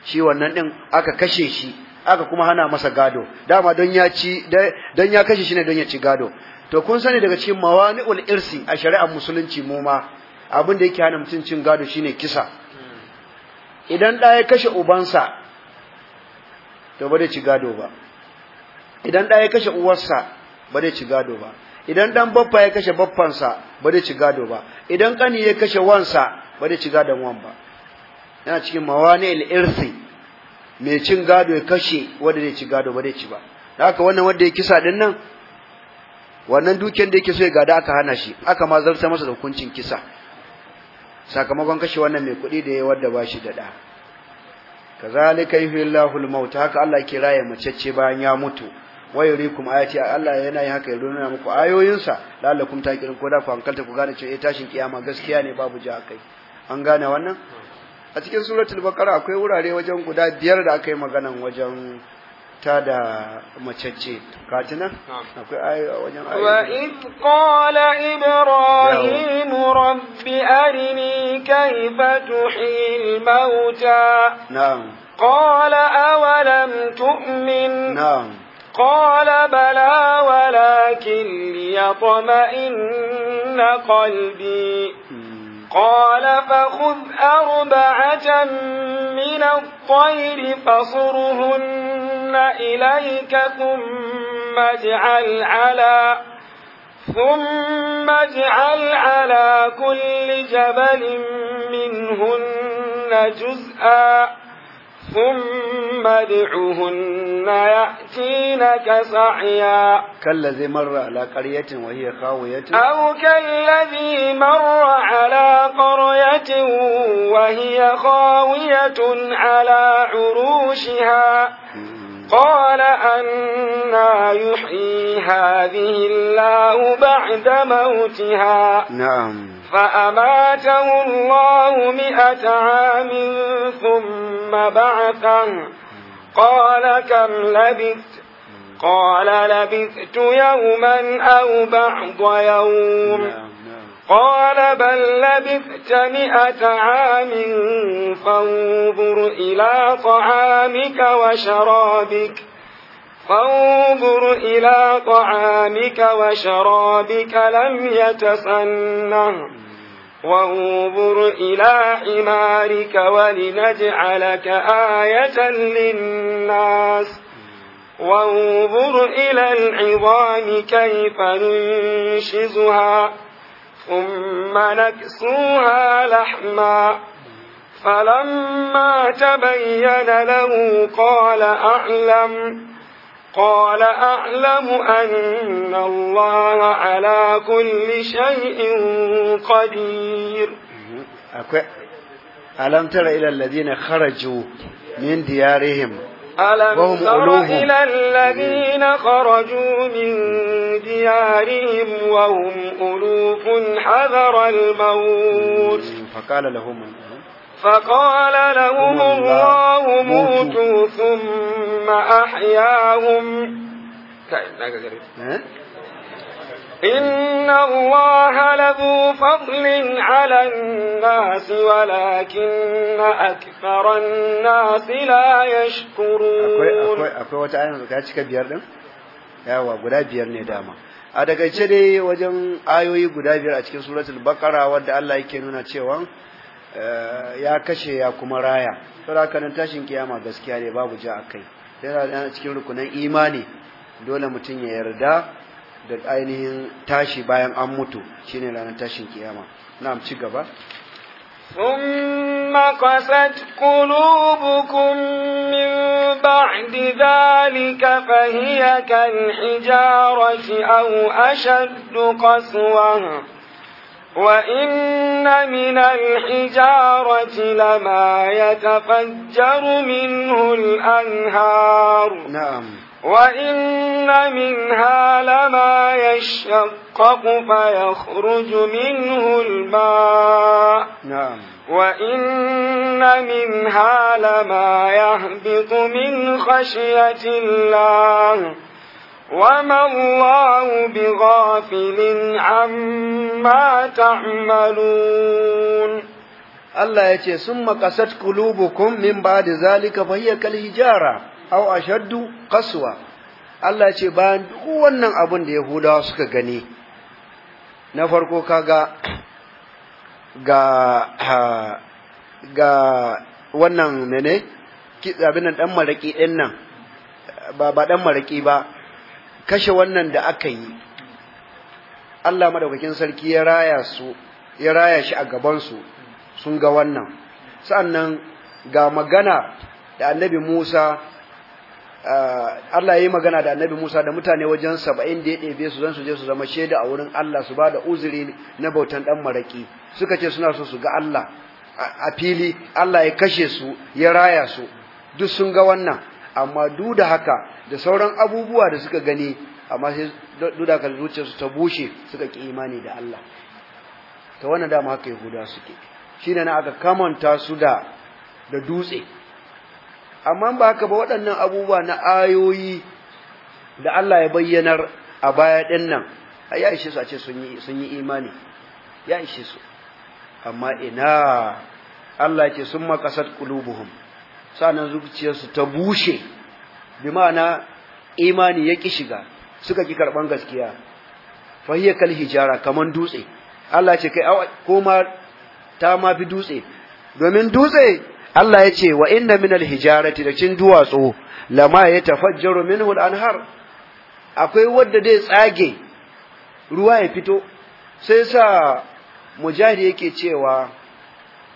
shi wannan din aka kashe shi aka kuma hana masa gado dama don ya kashe shi ne don ya ci gado to kun sani daga cikin mawani'ul irsi a shari'ar musulunci mu ma abin da yake hana mutum cin gado shine kisa idan ɗa ya kashe ubansa to ba ci gado ba idan ɗa ya kashe uwarsa ba ci gado ba idan ɗan baffa ya kashe baffansa ba ci gado ba idan ƙani ya kashe wansa ba ci gadon wan ba yana cikin mawani al'irsi mai cin gado ya kashe wanda zai ci gado ba ci ba da haka wannan wanda ya kisa din nan wannan dukiyar da yake so ya gada aka hana shi aka ma zarta masa da hukuncin kisa sakamakon kashe wannan mai kuɗi da ya wadda ba shi da ɗa kazalika yuhillahu al haka Allah ke raye macece bayan ya mutu wa yurikum ayati Allah yana yi haka ya nuna muku ayoyinsa la'allakum taqilun ko da ku hankalta ku gane cewa eh tashin kiyama gaskiya ne babu ja akai an gane wannan a cikin suratul baqara akwai wurare wajen guda biyar da aka yi maganan wajen ta da macece kaji nan akwai ayi a wajen ayi wa id qala ibrahim rabbi arini kayfa tuhil mauta na'am qala awalam tu'min na'am قال بلى ولكن ليطمئن قلبي قال فخذ أربعة من الطير فصرهن إليك ثم اجعل على ثم اجعل على كل جبل منهن جزءا ثم ادعهن يأتينك سعيا كالذي مر على قرية وهي خاوية أو كالذي مر على قرية وهي خاوية على عروشها م. قال أنا يحيي هذه الله بعد موتها نعم فأماته الله مئة عام ثم بعثه قال كم لبثت قال لبثت يوما أو بعض يوم نعم. قال بل لبثت مئة عام فانظر إلى طعامك وشرابك فانظر إلى طعامك وشرابك لم يتسنه وانظر إلى حمارك ولنجعلك آية للناس وانظر إلى العظام كيف ننشزها ثم نكسوها لحما فلما تبين له قال أعلم قال أعلم أن الله على كل شيء قدير ألم تر إلى الذين خرجوا من ديارهم ألم تر إلى الذين خرجوا من ديارهم وهم ألوف حذر الموت فقال لهم فقال لهم الله موتوا ثم أحياهم إيه؟ إن الله لذو فضل على الناس ولكن أكثر الناس لا يشكرون أكوي وتعالى تاتيك بيردم yawa guda biyar ne dama a takaice dai wajen ayoyi guda biyar a cikin suratul bakara wadda Allah yake nuna cewa ya kashe ya kuma raya saboda nan tashin kiyama gaskiya ne babu ja akai yana cikin rukunan imani dole mutum ya yarda da ainihin tashi bayan an mutu shine ne tashin kiyama na amci gaba sun makwasa kulubukun min ba'adi zalika fahiyya kan hijarwaci awu a shaddu kasuwa ha wa in na ya tafajjaru min hul haru وإن منها لما يشقق فيخرج منه الماء نعم وإن منها لما يهبط من خشية الله وما الله بغافل عما تعملون الله يتي ثم قست قلوبكم من بعد ذلك فهي كالحجاره aw ashaddu qaswa Allah ce bayan duk wannan abin da Yahudawa suka gani na farko kaga ga ga wannan mene abin nan dan maraki din nan ba ba dan maraki ba kashe wannan da aka yi Allah madaukakin sarki ya raya su ya raya shi a gaban su sun ga wannan sannan ga magana da annabi Musa Eh, Allah ya yi magana da annabi Musa da mutane wajen saba'in da ya ɗebe su zan su je su zama shaida a wurin Allah su ba da uzuri na bautan ɗan maraƙi suka ce suna so su ga Allah a fili Allah ya kashe su ya raya su duk sun ga wannan amma duk da haka da sauran abubuwa da suka gani amma sai duk da haka zuciyarsu ta bushe suka ƙi imani da Allah ta wannan dama haka guda suke ne na aka kamanta su da da dutse amma ba haka ba waɗannan abubuwa na ayoyi da Allah ya bayyanar a baya ɗin nan ya ishe su a ce sun yi imani ya ishe su amma ina Allah ce sun makasar ƙulubuhun, sanan zuciyarsu ta bushe bi ma'ana imani ya ƙi shiga suka ƙi karɓar gaskiya fahiyar kal hijara kamar dutse Allah ce kai ta mafi dutse domin dutse Allah ya ce wa inna min alhijarati da cin duwatsu lama ya tafajjaru minhu anhar akwai wanda zai tsage ruwa ya fito sai sa mujahid yake cewa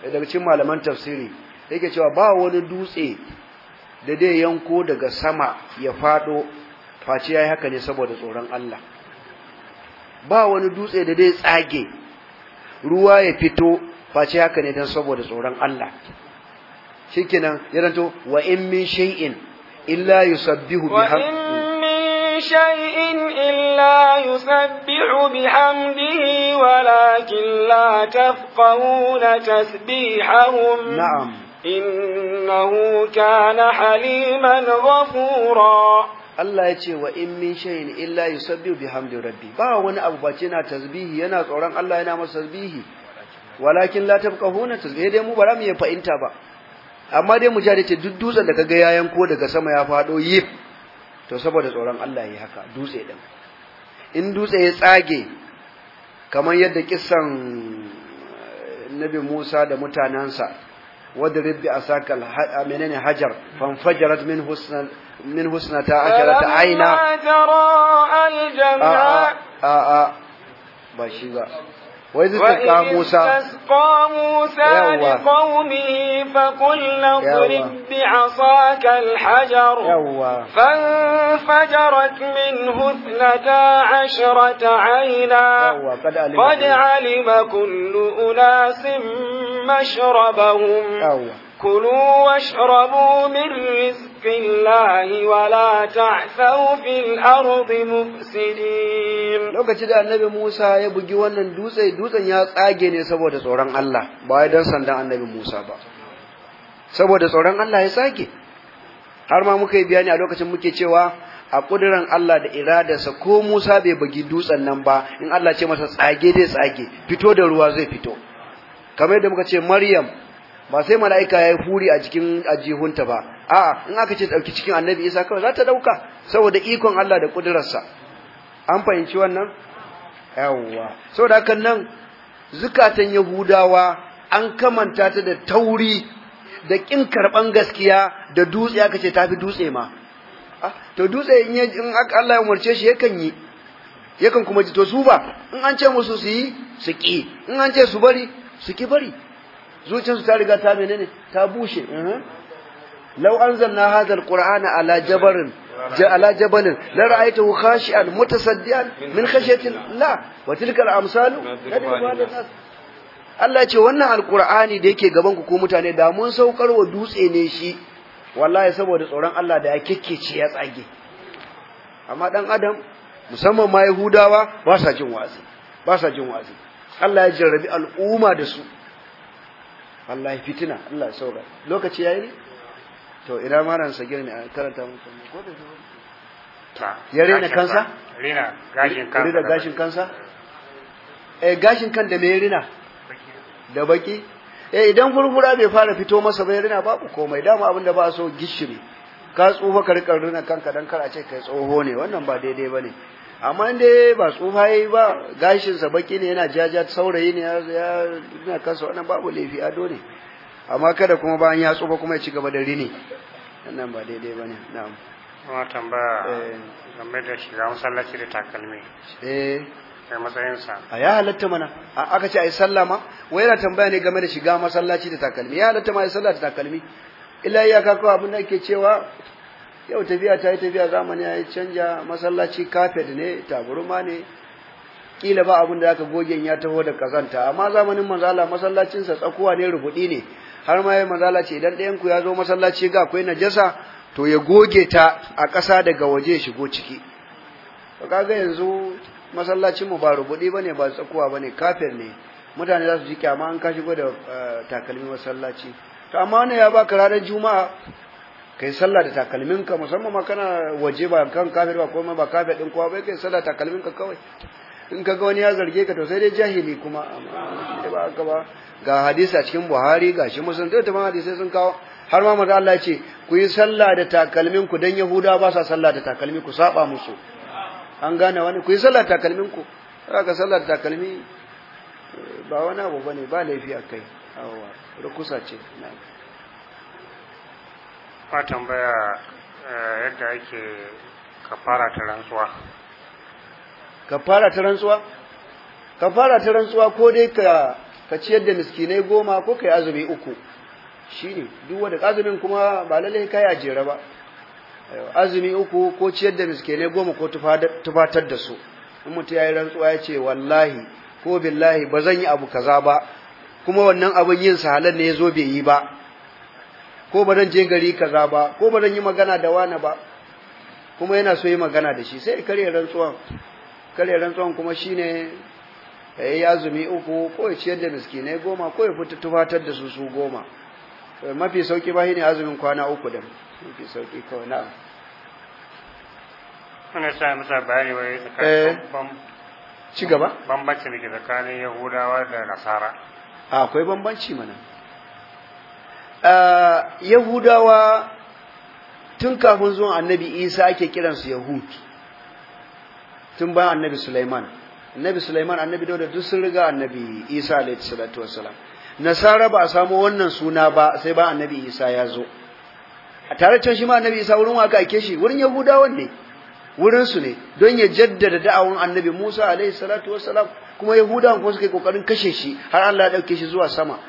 daga cikin malaman tafsiri yake cewa ba wani dutse da zai yanko daga sama ya fado face yayi haka ne saboda tsoron Allah ba wani dutse da zai tsage ruwa ya fito face haka ne dan saboda tsoron Allah shikenan ya ranto wa in min shay'in illa yusabbihu bihamdihi شيء إلا يسبح بحمده ولكن لا تفقهون تسبيحهم نعم إنه كان حليما غفورا Allah ya ce wa in min shay'in illa yusabbihu bihamdi rabbi ba wani abu face yana tasbihi yana tsoron Allah yana masa tasbihi walakin la tafqahuna tasbihi dai mu ba za mu yi fa'inta ba amma dai mu mujahid ce duk dutsen da kaga 'yayan ko daga sama ya fado yif to saboda tsoron Allah yi haka dutse din in dutse ya tsage kamar yadda kissan eh, nabi Musa da mutanansa wadrib bi asakal ah, menene hajar fanfajarat min husnan min husnata ta aina a a ba shi ba وإذ استسقى موسى لقومه فقل اضرب بعصاك الحجر فانفجرت منه اثنتا عشرة عينا قد علم, كل أناس مشربهم كلوا واشربوا من رزق الله ولا تعثوا في الأرض مفسدين لو كتد النبي موسى يبجي wannan dutse dutsen ya tsage ne saboda tsoron Allah ba ya dan sandan annabi Musa ba saboda tsoron Allah ya tsage har ma muka yi bayani a lokacin muke cewa a kudiran Allah da iradarsa ko Musa bai bugi dutsen nan ba in Allah ce masa tsage dai tsage fito da ruwa zai fito kamar yadda muka ce Maryam ba sai mala'ika ya yi huri a jikin ajihunta ba a'a in aka ce ɗauki cikin annabi isa kawai za ta ɗauka saboda ikon Allah da ƙudurarsa an fahimci wannan yawwa saboda hakan nan zukatan yahudawa an kamanta ta da tauri da ƙin karban gaskiya da dutse aka ce tafi dutse ma ah, to dutse in in Allah ya umarce shi yakan yi yakan kuma ji to su ba in an ce musu su yi su ƙi in an ce su bari su ki bari zuciyarsu ta riga ta menene ta bushe law anzalna hadha alqur'ana ala jabarin ala jabalin la ra'aytahu khashi'an mutasaddian min khashyati la wa tilka al-amsalu Allah ya ce wannan alqur'ani da yake gaban ku ko mutane da mun saukar wa dutse ne shi wallahi saboda tsoron Allah da ya kikkece ya tsage amma dan adam musamman ma yahudawa ba sa jin wazi, ba sa jin wazi. Allah ya jarrabi al'umma da su wallahi fitina Allah saura lokaci yayi ne to ina maran sa ne a karanta muku ko da ta ya rena kansa rena gashin kansa rena gashin kansa eh gashin kan da me rena da baki eh idan furfura bai fara fito masa bai rena babu komai dama abinda ba so gishiri ka tsufa ka rika rena kanka dan kar a ce kai tsoho ne wannan ba daidai bane amma inda ba tsufa yi ba gashinsa baki ne yana jaja saurayi ne ya na kansa wannan babu laifi ado ne amma kada kuma bayan ya tsufa kuma ya ci gaba da rini wannan ba daidai ba ne na'am kuma tambaya eh. game da shiga masallaci da takalmi eh kai matsayinsa a ya halatta mana aka ce ai sallah ma wai yana tambaya ne game da shiga masallaci da takalmi ya halatta ma ai sallah da takalmi illa iyaka kawai abin da ake cewa yau tafiya ta yi tafiya zamani ya yi canja masallaci kafet ne taburma ne kila ba abin da aka gogen ya taho da kazanta amma zamanin manzala masallacinsa tsakuwa ne rubudi ne har ma yayin manzala ce idan ɗayan ku ya zo masallaci ga akwai najasa to ya goge ta a ƙasa daga waje ya shigo ciki to kaga yanzu masallacin mu ba rubudi bane ba tsakuwa bane kafir ne mutane za su ji kyama an ka shigo da eh, takalmin masallaci to amma ne ya baka ranar juma'a kai sallah da takalminka musamman ma kana waje ba kan kafir ba kuma ba kafir din kowa ba kai sallah takalminka kawai in ka ga wani ya zarge ka to sai dai jahili kuma amma ba haka ba ga hadisi a cikin Buhari ga shi da duk tamam hadisi sun kawo har ma manzo Allah ya ce ku yi sallah da ku dan Yahuda ba sa sallah da takalmi ku saba musu an gane wani ku yi sallah da ku ka sallah da takalmi ba wani abu bane ba laifi akai awwa rukusa ce na'am akwai tambaya eh, yadda ake kafara ta rantsuwa kafara ta rantsuwa kafara ta rantsuwa ko dai ka ka ciyar da miskinai goma ko kai azumi uku shine duk wanda azumin kuma ba lalle kai a ba azumi uku ko ciyar da miskinai goma ko tufatar da su in mutum yayi rantsuwa ya ce wallahi ko billahi ba zan yi abu kaza ba kuma wannan abin yin sa ne ya zo bai yi ba ko ba zan je gari kaza ba ko ba zan yi magana da wani ba kuma yana so yi magana da shi sai kare rantsuwan kare rantsuwan kuma shine ya yi azumi uku ko ya ciyar da miskine goma ko ya fita tufatar da su su goma eh, mafi sauki ba shine azumin kwana uku da mafi sauki kawai na ana sa masa bayani wai tsakanin eh, ci gaba bambanci da ke tsakanin yahudawa da nasara akwai bambanci mana yahudawa tun kafin zuwan annabi isa ake kiransu yahud tun bayan annabi sulaiman annabi sulaiman annabi dauda duk sun riga annabi isa alaihi salatu wassalam nasara ba a samu wannan suna ba sai ba annabi isa ya zo a tare can shi ma annabi isa wurin waka ake shi wurin yahudawan ne wurin su ne don ya jaddada da'awun annabi musa alaihi salatu wassalam kuma yahudawan kuma suka yi kokarin kashe shi har Allah ya dauke shi zuwa sama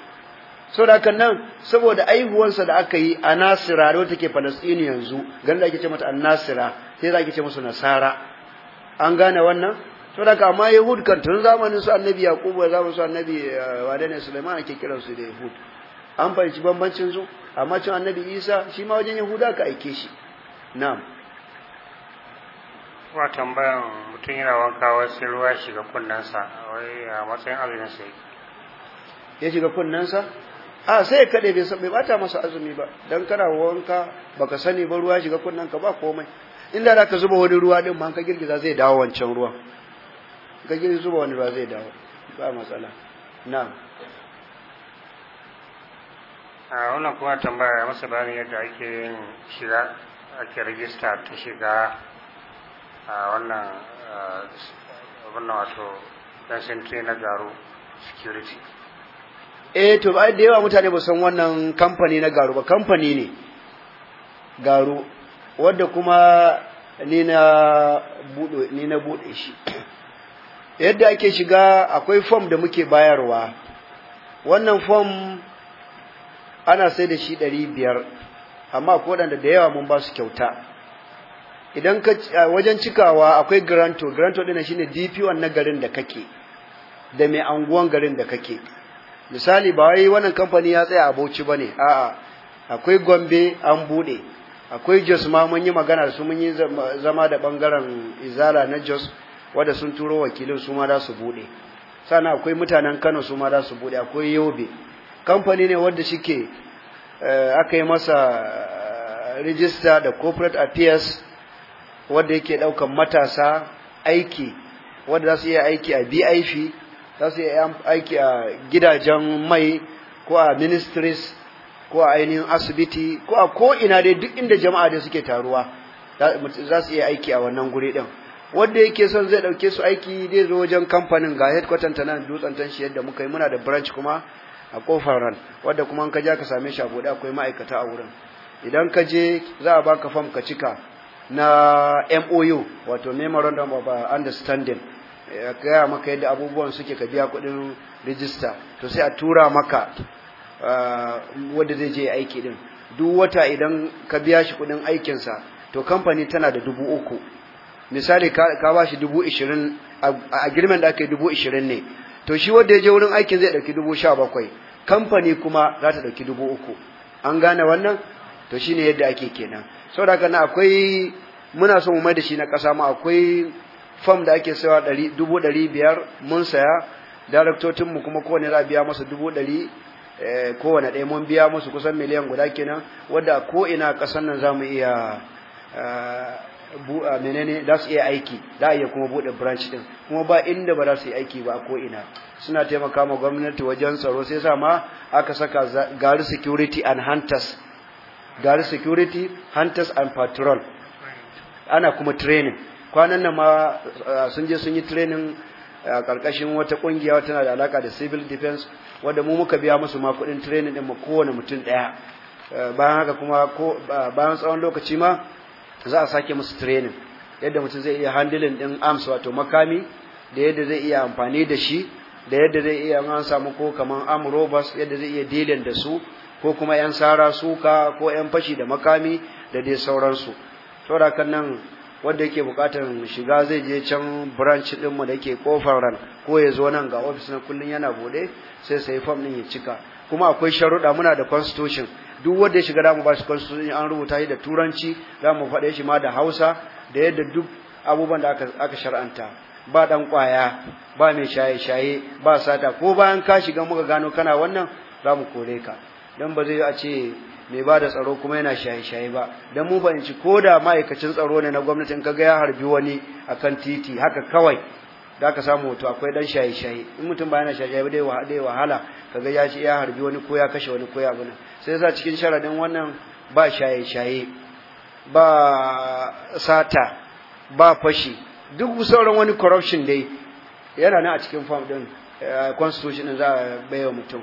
saboda nan saboda aihuwansa da aka yi a Nasira da take Falastini yanzu garin da ake ce mata An-Nasira sai za ake ce musu Nasara an gane wannan saboda kan amma Yahud kan tun zamanin su Annabi Yakubu da zamanin su Annabi eh, Wadane Sulaiman ake kiran su da Yahud an fahimci bambancin su amma cin Annabi Isa shi ma wajen Yahuda ka aike shi na'am wa tambayan mutum yana wanka wasu ruwa shiga kunnansa wai a matsayin abin sai ya shiga kunnansa a sai ka bai bai bata masa azumi ba dan kana wanka baka sani ba ruwa shiga kunnan ka ba komai inda da ka zuba wani ruwa din ma ka girgiza zai dawo wancan ruwa ka girgiza zuba wani ruwa zai dawo ba matsala na'am a wannan kuma tambaya masa bani yadda ake yin shiga ake rajista ta shiga a wannan wannan wato dan sentry na garo security eh to ai da yawa mutane ba san wannan kamfani na garu ba kamfani ne garu wadda kuma ni na buɗe ni na bude shi yadda ake shiga akwai form da muke bayarwa wannan form ana sai da shi ɗari biyar amma ko da da yawa mun ba su kyauta idan ka wajen cikawa akwai granto granto shi shine DP na garin da kake da mai anguwan garin da kake misali ba wai wannan kamfani ya tsaya a Bauchi ne a'a akwai Gombe an bude akwai Jos ma mun yi magana su mun yi zama da bangaren Izala na Jos wanda sun turo wakilin su ma da su bude sana akwai mutanen Kano su ma da su bude akwai Yobe kamfani ne wanda shike eh, aka yi masa eh, register da corporate affairs wanda yake daukan matasa aiki wanda za su iya aiki a bif. za su yi aiki a gidajen mai ko a ministries ko a ainihin asibiti ko a ko'ina dai duk inda jama'a da suke taruwa za su iya aiki a wannan guri ɗin wanda yake son zai ɗauke su aiki dai zo wajen kamfanin ga headquarter ta nan dutsen tanshi yadda muka yi muna da branch kuma a kofar ran wadda kuma ka ja ka same shi a buɗe akwai ma'aikata a wurin idan ka je za a baka fam ka cika na MOU wato memorandum of understanding ya gaya maka yadda abubuwan suke ka biya kuɗin rijista to sai a tura maka wanda zai je aiki din duk wata idan ka biya shi kuɗin aikinsa to kamfani tana da dubu uku misali ka ba shi dubu ishirin a girman da aka yi dubu ishirin ne to shi wadda ya je wurin aikin zai ɗauki dubu sha bakwai kamfani kuma za ta ɗauki dubu uku an gane wannan to shine yadda ake kenan saboda haka na akwai muna so mu mai da shi na kasa ma akwai fam da ake sayawa dubu ɗari biyar mun saya mu kuma kowane za a biya masa dubu ɗari eh, kowane ɗaya mun biya musu kusan miliyan guda kenan wadda ko ina ƙasar nan za mu iya eh, ah, menene za su iya aiki za a iya kuma buɗe branch ɗin kuma ba inda ba za su yi aiki ba ko ina suna taimaka ma gwamnati wajen tsaro sai sa ma aka saka gari security and hunters gari security hunters and patrol ana kuma training kwanan nan ma eh, sun je sun yi training a eh, karkashin wata kungiya tana da alaka da civil defense wanda mu muka biya musu ma kudin training din mu kowane mutum daya eh, bayan haka kuma ko bayan tsawon lokaci ma za a sake musu training yadda mutum zai iya handling din arms wato makami da yadda zai iya amfani da shi da yadda zai iya an samu ko kaman arm robbers yadda zai iya dealing da su ko kuma yan sara suka ko yan fashi da makami da dai sauransu saboda kan nan wanda yake bukatar shiga zai je can branch ɗinmu da yake kofar ran ko ya zo nan ga ofis na kullun yana bude sai sai form ɗin ya cika kuma akwai sharuɗa muna da constitution duk wanda ya shiga da mu ba shi constitution an rubuta shi da turanci za mu faɗe shi ma da hausa da yadda duk abubuwan da aka, aka shar'anta ba dan kwaya ba mai shaye-shaye ba sata ko bayan ka shiga muka gano kana wannan za mu kore ka don ba zai a ce mai ba da tsaro kuma yana shaye-shaye ba don mu fahimci ko da ma'aikacin tsaro ne na gwamnati in kaga ya harbi wani akan titi haka kawai da ka samu wato akwai dan shaye-shaye in mutum ba yana shaye-shaye ba dai wahala kaga ya ya harbi wani ko ya kashe wani ko ya abin sai yasa cikin sharadin wannan ba shaye-shaye ba sata ba fashi duk sauran wani corruption dai yana nan a cikin form din eh, constitution din za a wa mutum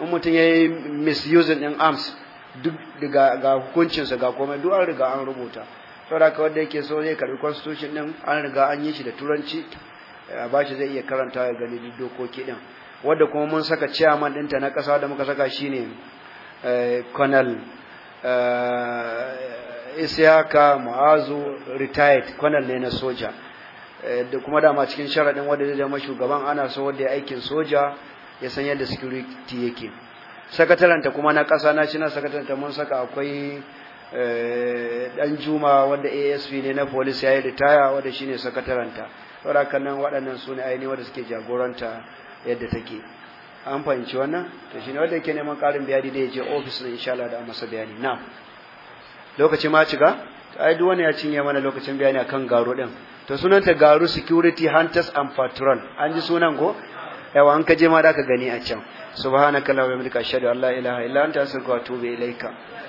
in mutum ya yi misusing din arms duk ga hukuncinsa ga komai duk an riga an rubuta saboda ka wanda yake so zai karbi constitution din an riga an yi shi da turanci a bashi zai iya karanta ya gani duk dokoki din wanda kuma mun saka chairman dinta na kasa da muka saka shine eh, colonel eh, Isiaka Mu'azu retired colonel ne na soja eh, da kuma dama cikin sharadin wanda zai zama shugaban ana so wanda ya aikin soja ya san yadda security yake sakataranta kuma na ƙasa na shi na sakataranta mun saka akwai eh, ɗan juma wanda asp ne na polis ya yi ritaya wanda shi ne sakataranta saboda nan waɗannan su ne ainihin wanda suke jagoranta yadda take an fahimci wannan to ne wanda yake neman ƙarin bayani da ya je ofis na insha Allah da masa bayani na lokaci ma ciga ai duk wani ya cinye mana lokacin bayani akan garo ɗin, to sunanta garu security hunters and patrol an ji sunan ko yawa an ka je ma da ka gani a can subhanaka allahumma wa bihamdika ashhadu an la ilaha illa anta astaghfiruka wa atubu ilaika